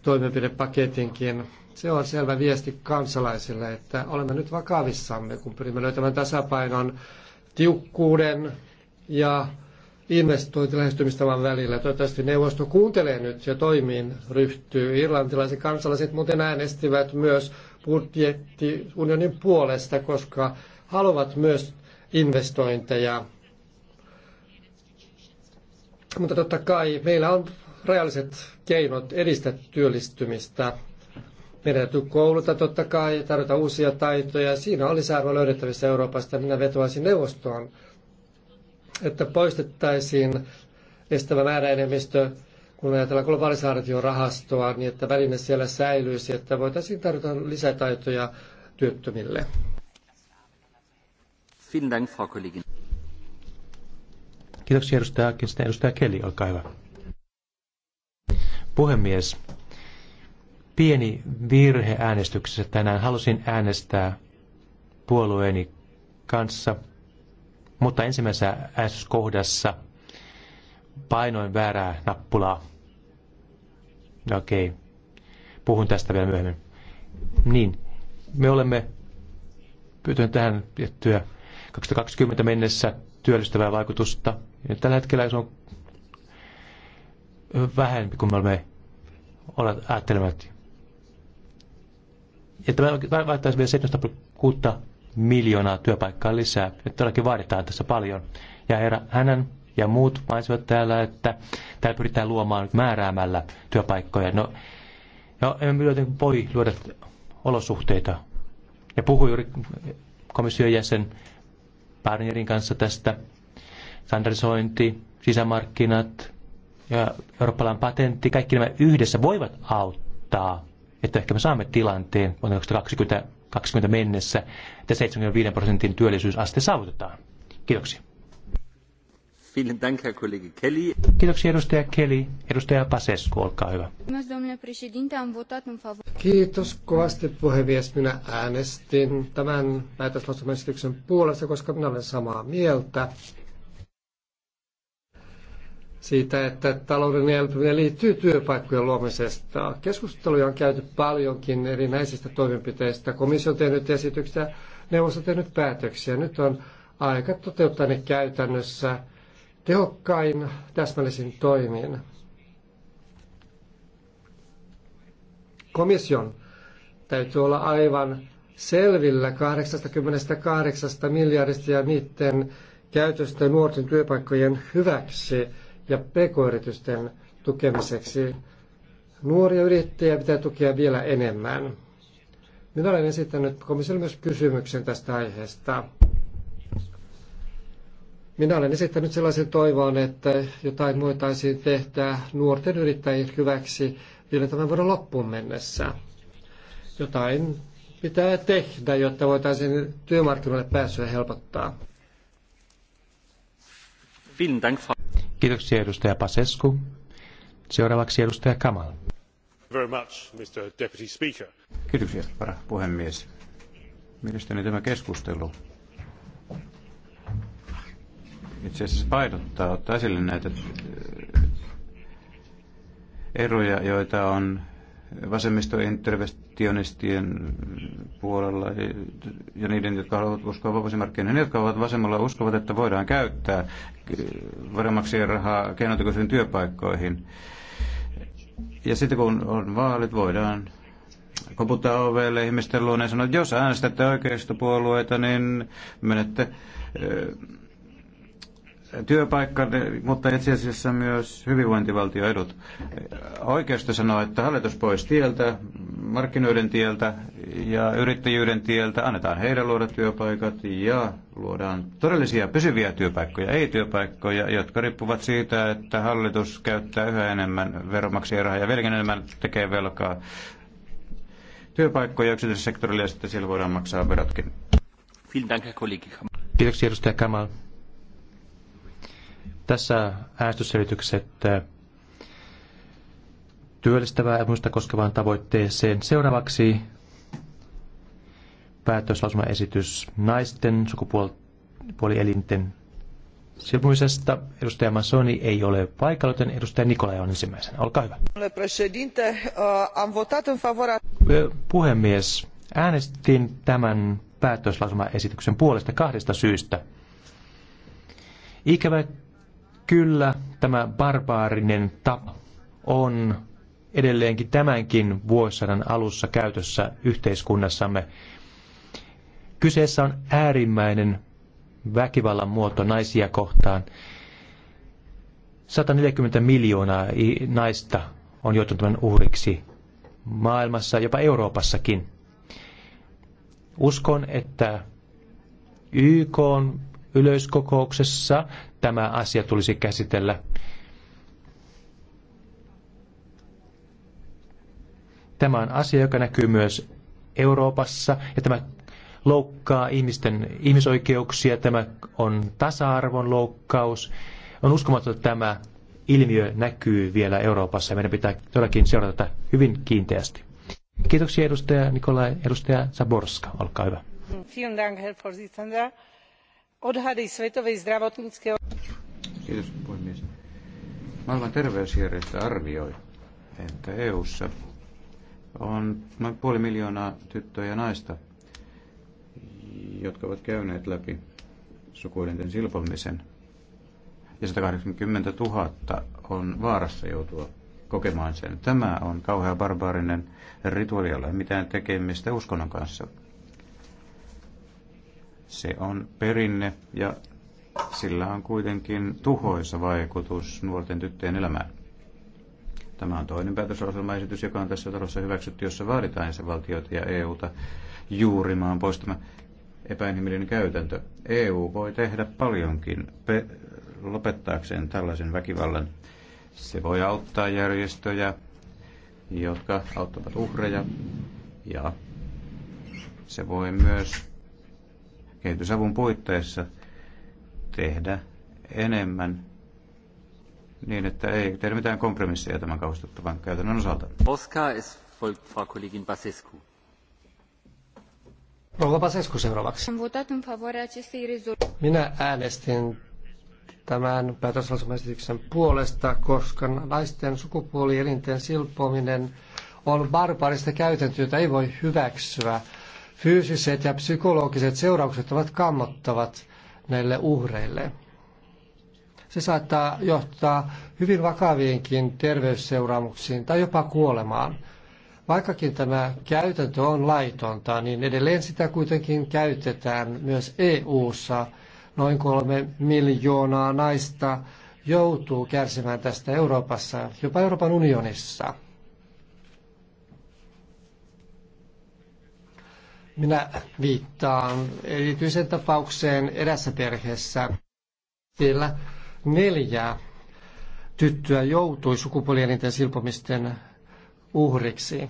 toimenpidepaketinkin. Se on selvä viesti kansalaisille, että olemme nyt vakavissamme, kun pyrimme löytämään tasapainon tiukkuuden ja investointilähestymistavan välillä. Toivottavasti neuvosto kuuntelee nyt ja toimiin ryhtyy. Irlantilaiset kansalaiset muuten äänestivät myös budjettiunionin puolesta, koska haluavat myös investointeja mutta totta kai meillä on rajalliset keinot edistää työllistymistä. Meidän täytyy kouluttaa totta kai, tarjota uusia taitoja. Siinä on lisäarvoa löydettävissä Euroopasta. Minä vetoaisin neuvostoon, että poistettaisiin estävä määräenemmistö, kun ajatellaan rahastoa, niin että väline siellä säilyisi, että voitaisiin tarjota lisätaitoja työttömille. Vielen Dank, Frau Kollegin. Kiitoksia edustaja Akinsta. Edustaja Keli, olkaa hyvä. Puhemies, pieni virhe äänestyksessä tänään. Halusin äänestää puolueeni kanssa, mutta ensimmäisessä äänestyskohdassa painoin väärää nappulaa. Okei, okay. puhun tästä vielä myöhemmin. Niin, me olemme pyytäneet tähän tiettyä 2020 mennessä työllistävää vaikutusta. Ja tällä hetkellä se on vähempi kuin me olemme ajattelemat. Ja tämä vaihtaisi vielä 7,6 miljoonaa työpaikkaa lisää. Ja todellakin vaaditaan tässä paljon. Ja herra, hänen ja muut mainitsivat täällä, että täällä pyritään luomaan määräämällä työpaikkoja. No, no emme jotenkin voi luoda olosuhteita. Ja puhui juuri komission jäsen Barnierin kanssa tästä. Standardisointi, sisämarkkinat ja eurooppalainen patentti, kaikki nämä yhdessä voivat auttaa, että ehkä me saamme tilanteen vuonna 2020, mennessä, että 75 prosentin työllisyysaste saavutetaan. Kiitoksia. Kiitoksia edustaja Kelly. Edustaja Pasescu, olkaa hyvä. Kiitos kovasti puhemies. Minä äänestin tämän päätöslauselmaesityksen puolesta, koska minä olen samaa mieltä siitä, että talouden elpyminen liittyy työpaikkojen luomisesta. Keskusteluja on käyty paljonkin erinäisistä toimenpiteistä. Komissio on tehnyt esityksiä, neuvosto on tehnyt päätöksiä. Nyt on aika toteuttaa ne käytännössä tehokkain täsmällisin toimiin. Komission täytyy olla aivan selvillä 88 miljardista ja niiden käytöstä nuorten työpaikkojen hyväksi ja pk-yritysten tukemiseksi. Nuoria yrittäjiä pitää tukea vielä enemmän. Minä olen esittänyt komissiolle myös kysymyksen tästä aiheesta. Minä olen esittänyt sellaisen toivon, että jotain voitaisiin tehdä nuorten yrittäjien hyväksi vielä tämän vuoden loppuun mennessä. Jotain pitää tehdä, jotta voitaisiin työmarkkinoille pääsyä helpottaa. Kiitoksia edustaja Pasescu. Seuraavaksi edustaja Kamal. Kiitoksia, varapuhemies. Mielestäni tämä keskustelu itse asiassa painottaa, ottaa esille näitä eh, eroja, joita on vasemmistointerventionistien puolella ja niiden, jotka haluavat uskoa vapaisemarkkinoihin. ne, jotka ovat vasemmalla, uskovat, että voidaan käyttää eh, varmaksi rahaa keinotekoisiin työpaikkoihin. Ja sitten kun on vaalit, voidaan koputtaa ovelle ihmisten luoneen ja sanoa, että jos äänestätte oikeistopuolueita, niin menette eh, työpaikka, mutta itse asiassa myös hyvinvointivaltioedut. Oikeisto sanoo, että hallitus pois tieltä, markkinoiden tieltä ja yrittäjyyden tieltä, annetaan heidän luoda työpaikat ja luodaan todellisia pysyviä työpaikkoja, ei työpaikkoja, jotka riippuvat siitä, että hallitus käyttää yhä enemmän veronmaksajien rahaa ja vieläkin enemmän tekee velkaa työpaikkoja yksityisessä sektorilla ja sitten siellä voidaan maksaa verotkin. Kiitoksia edustaja Kamal. Tässä äänestysselitykset työllistävää muista koskevaan tavoitteeseen. Seuraavaksi päätöslausumaesitys naisten sukupuolielinten silpumisesta. Edustaja Masoni ei ole paikalla, joten edustaja Nikola on ensimmäisenä. Olkaa hyvä. Puhemies, äänestin tämän päätöslausumaesityksen puolesta kahdesta syystä. Ikävä Kyllä, tämä barbaarinen tapa on edelleenkin tämänkin vuosisadan alussa käytössä yhteiskunnassamme. Kyseessä on äärimmäinen väkivallan muoto naisia kohtaan. 140 miljoonaa naista on joutunut tämän uhriksi maailmassa, jopa Euroopassakin. Uskon, että YK on yleiskokouksessa tämä asia tulisi käsitellä. Tämä on asia, joka näkyy myös Euroopassa ja tämä loukkaa ihmisten ihmisoikeuksia, tämä on tasa-arvon loukkaus. On uskomaton, että tämä ilmiö näkyy vielä Euroopassa ja meidän pitää todellakin seurata tätä hyvin kiinteästi. Kiitoksia edustaja Nikolai, edustaja Zaborska, olkaa hyvä. Vielen Dank, Herr odhady Svetovej zdravotníckej... Kiitos Maailman terveysjärjestö arvioi, että EU:ssa on noin puoli miljoonaa tyttöä ja naista, jotka ovat käyneet läpi sukuelinten silpomisen. Ja 180 000 on vaarassa joutua kokemaan sen. Tämä on kauhea barbaarinen rituaali, jolla ei mitään tekemistä uskonnon kanssa. Se on perinne ja sillä on kuitenkin tuhoisa vaikutus nuorten tyttöjen elämään. Tämä on toinen päätösohjelmaesitys, joka on tässä talossa hyväksytty, jossa vaaditaan jäsenvaltioita ja EUta juurimaan pois tämä epäinhimillinen käytäntö. EU voi tehdä paljonkin pe- lopettaakseen tällaisen väkivallan. Se voi auttaa järjestöjä, jotka auttavat uhreja ja se voi myös kehitysavun puitteissa tehdä enemmän niin, että ei tehdä mitään kompromisseja tämän kaustuttavan käytännön osalta. Oskar es folgt Frau Kollegin Basescu. Rouva Basescu seuraavaksi. Minä äänestin tämän päätöslausumaesityksen puolesta, koska naisten sukupuolielinten silpominen on barbaarista käytäntöä, jota ei voi hyväksyä. Fyysiset ja psykologiset seuraukset ovat kammottavat näille uhreille. Se saattaa johtaa hyvin vakaviinkin terveysseuraamuksiin tai jopa kuolemaan. Vaikkakin tämä käytäntö on laitonta, niin edelleen sitä kuitenkin käytetään myös EU:ssa. Noin kolme miljoonaa naista joutuu kärsimään tästä Euroopassa, jopa Euroopan unionissa. Minä viittaan erityisen tapaukseen erässä perheessä. Siellä neljä tyttöä joutui sukupuolielinten silpomisten uhriksi.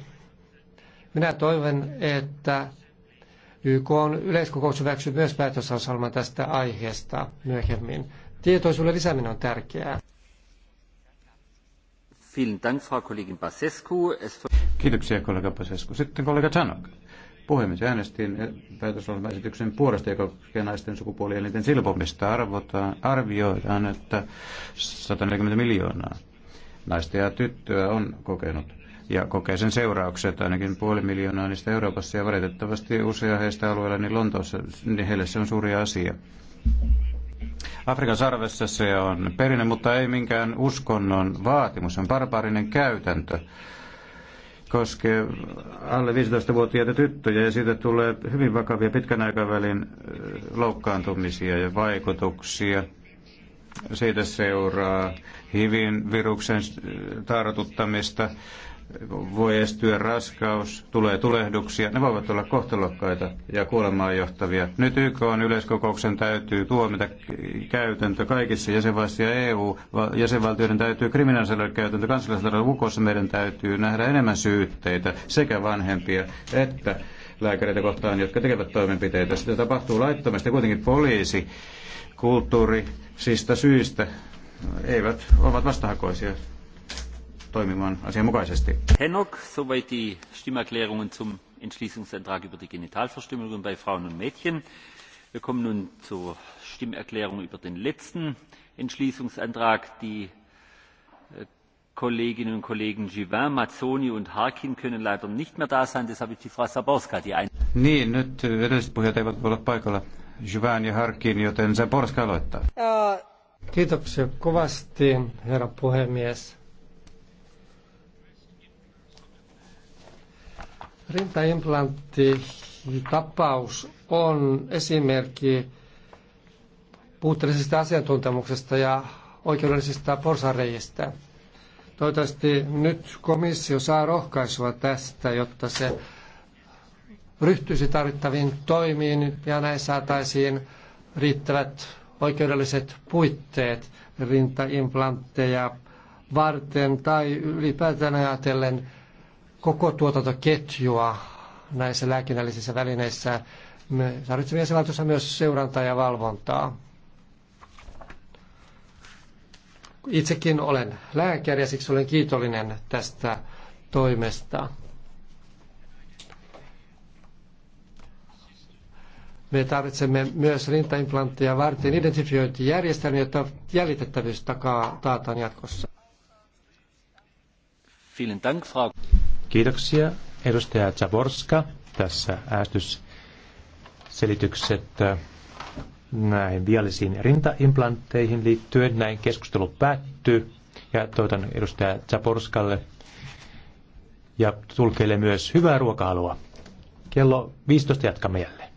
Minä toivon, että YK on yleiskokous hyväksynyt myös päätösauselman tästä aiheesta myöhemmin. Tietoisuuden lisääminen on tärkeää. Kiitoksia kollega Pasescu. Sitten kollega Chanok. Puhemies äänestiin eh, päätöslauselmaesityksen puolesta, joka koskee naisten sukupuolielinten silpomista. Arvotaan, arvioidaan, että 140 miljoonaa naista ja tyttöä on kokenut ja kokee sen seuraukset, ainakin puoli miljoonaa niistä Euroopassa ja valitettavasti usea heistä alueella, niin Lontoossa, niin heille se on suuri asia. Afrikan sarvessa se on perinne, mutta ei minkään uskonnon vaatimus, se on barbaarinen käytäntö koskee alle 15-vuotiaita tyttöjä ja siitä tulee hyvin vakavia pitkän aikavälin loukkaantumisia ja vaikutuksia. Siitä seuraa hivin viruksen tartuttamista, voi estyä raskaus, tulee tulehduksia. Ne voivat olla kohtalokkaita ja kuolemaan johtavia. Nyt YK on yleiskokouksen täytyy tuomita käytäntö kaikissa jäsenvaltioissa ja EU-jäsenvaltioiden täytyy kriminalisoida käytäntö kansallisella lukossa. Meidän täytyy nähdä enemmän syytteitä sekä vanhempia että lääkäreitä kohtaan, jotka tekevät toimenpiteitä. Sitä tapahtuu laittomasti kuitenkin poliisi kulttuurisista syistä eivät, ovat vastahakoisia toimimaan asianmukaisesti. Henok, soweit die Stimmerklärungen zum Entschließungsantrag über die Genitalverstümmelung bei Frauen und Mädchen. Wir kommen nun zur Stimmerklärung über den letzten Entschließungsantrag. Die äh, Kolleginnen und Kollegen Givin, Mazzoni und Harkin können leider nicht mehr da sein. Deshalb ist die Frau Saborska die ein. Niin, nyt edelliset puhujat eivät voi olla paikalla. Jyvään ja Harkin, joten Saborska aloittaa. Äh, kiitoksia kovasti, herra puhemies. Rintaimplanttitapaus on esimerkki puutteellisesta asiantuntemuksesta ja oikeudellisista porsareista. Toivottavasti nyt komissio saa rohkaisua tästä, jotta se ryhtyisi tarvittaviin toimiin ja näin saataisiin riittävät oikeudelliset puitteet rintaimplantteja varten tai ylipäätään ajatellen koko tuotantoketjua näissä lääkinnällisissä välineissä. Me tarvitsemme jäsenvaltiossa myös seurantaa ja valvontaa. Itsekin olen lääkäri ja siksi olen kiitollinen tästä toimesta. Me tarvitsemme myös rintaimplantteja varten identifiointijärjestelmiä, jotta jäljitettävyys takaa taataan jatkossa. Vielen dank, frau. Kiitoksia edustaja Czaborska, Tässä äästysselitykset äh, näihin viallisiin rintaimplantteihin liittyen. Näin keskustelu päättyy ja toivotan edustaja Czaborskalle ja tulkeille myös hyvää ruokahalua. Kello 15 jatkamme jälleen.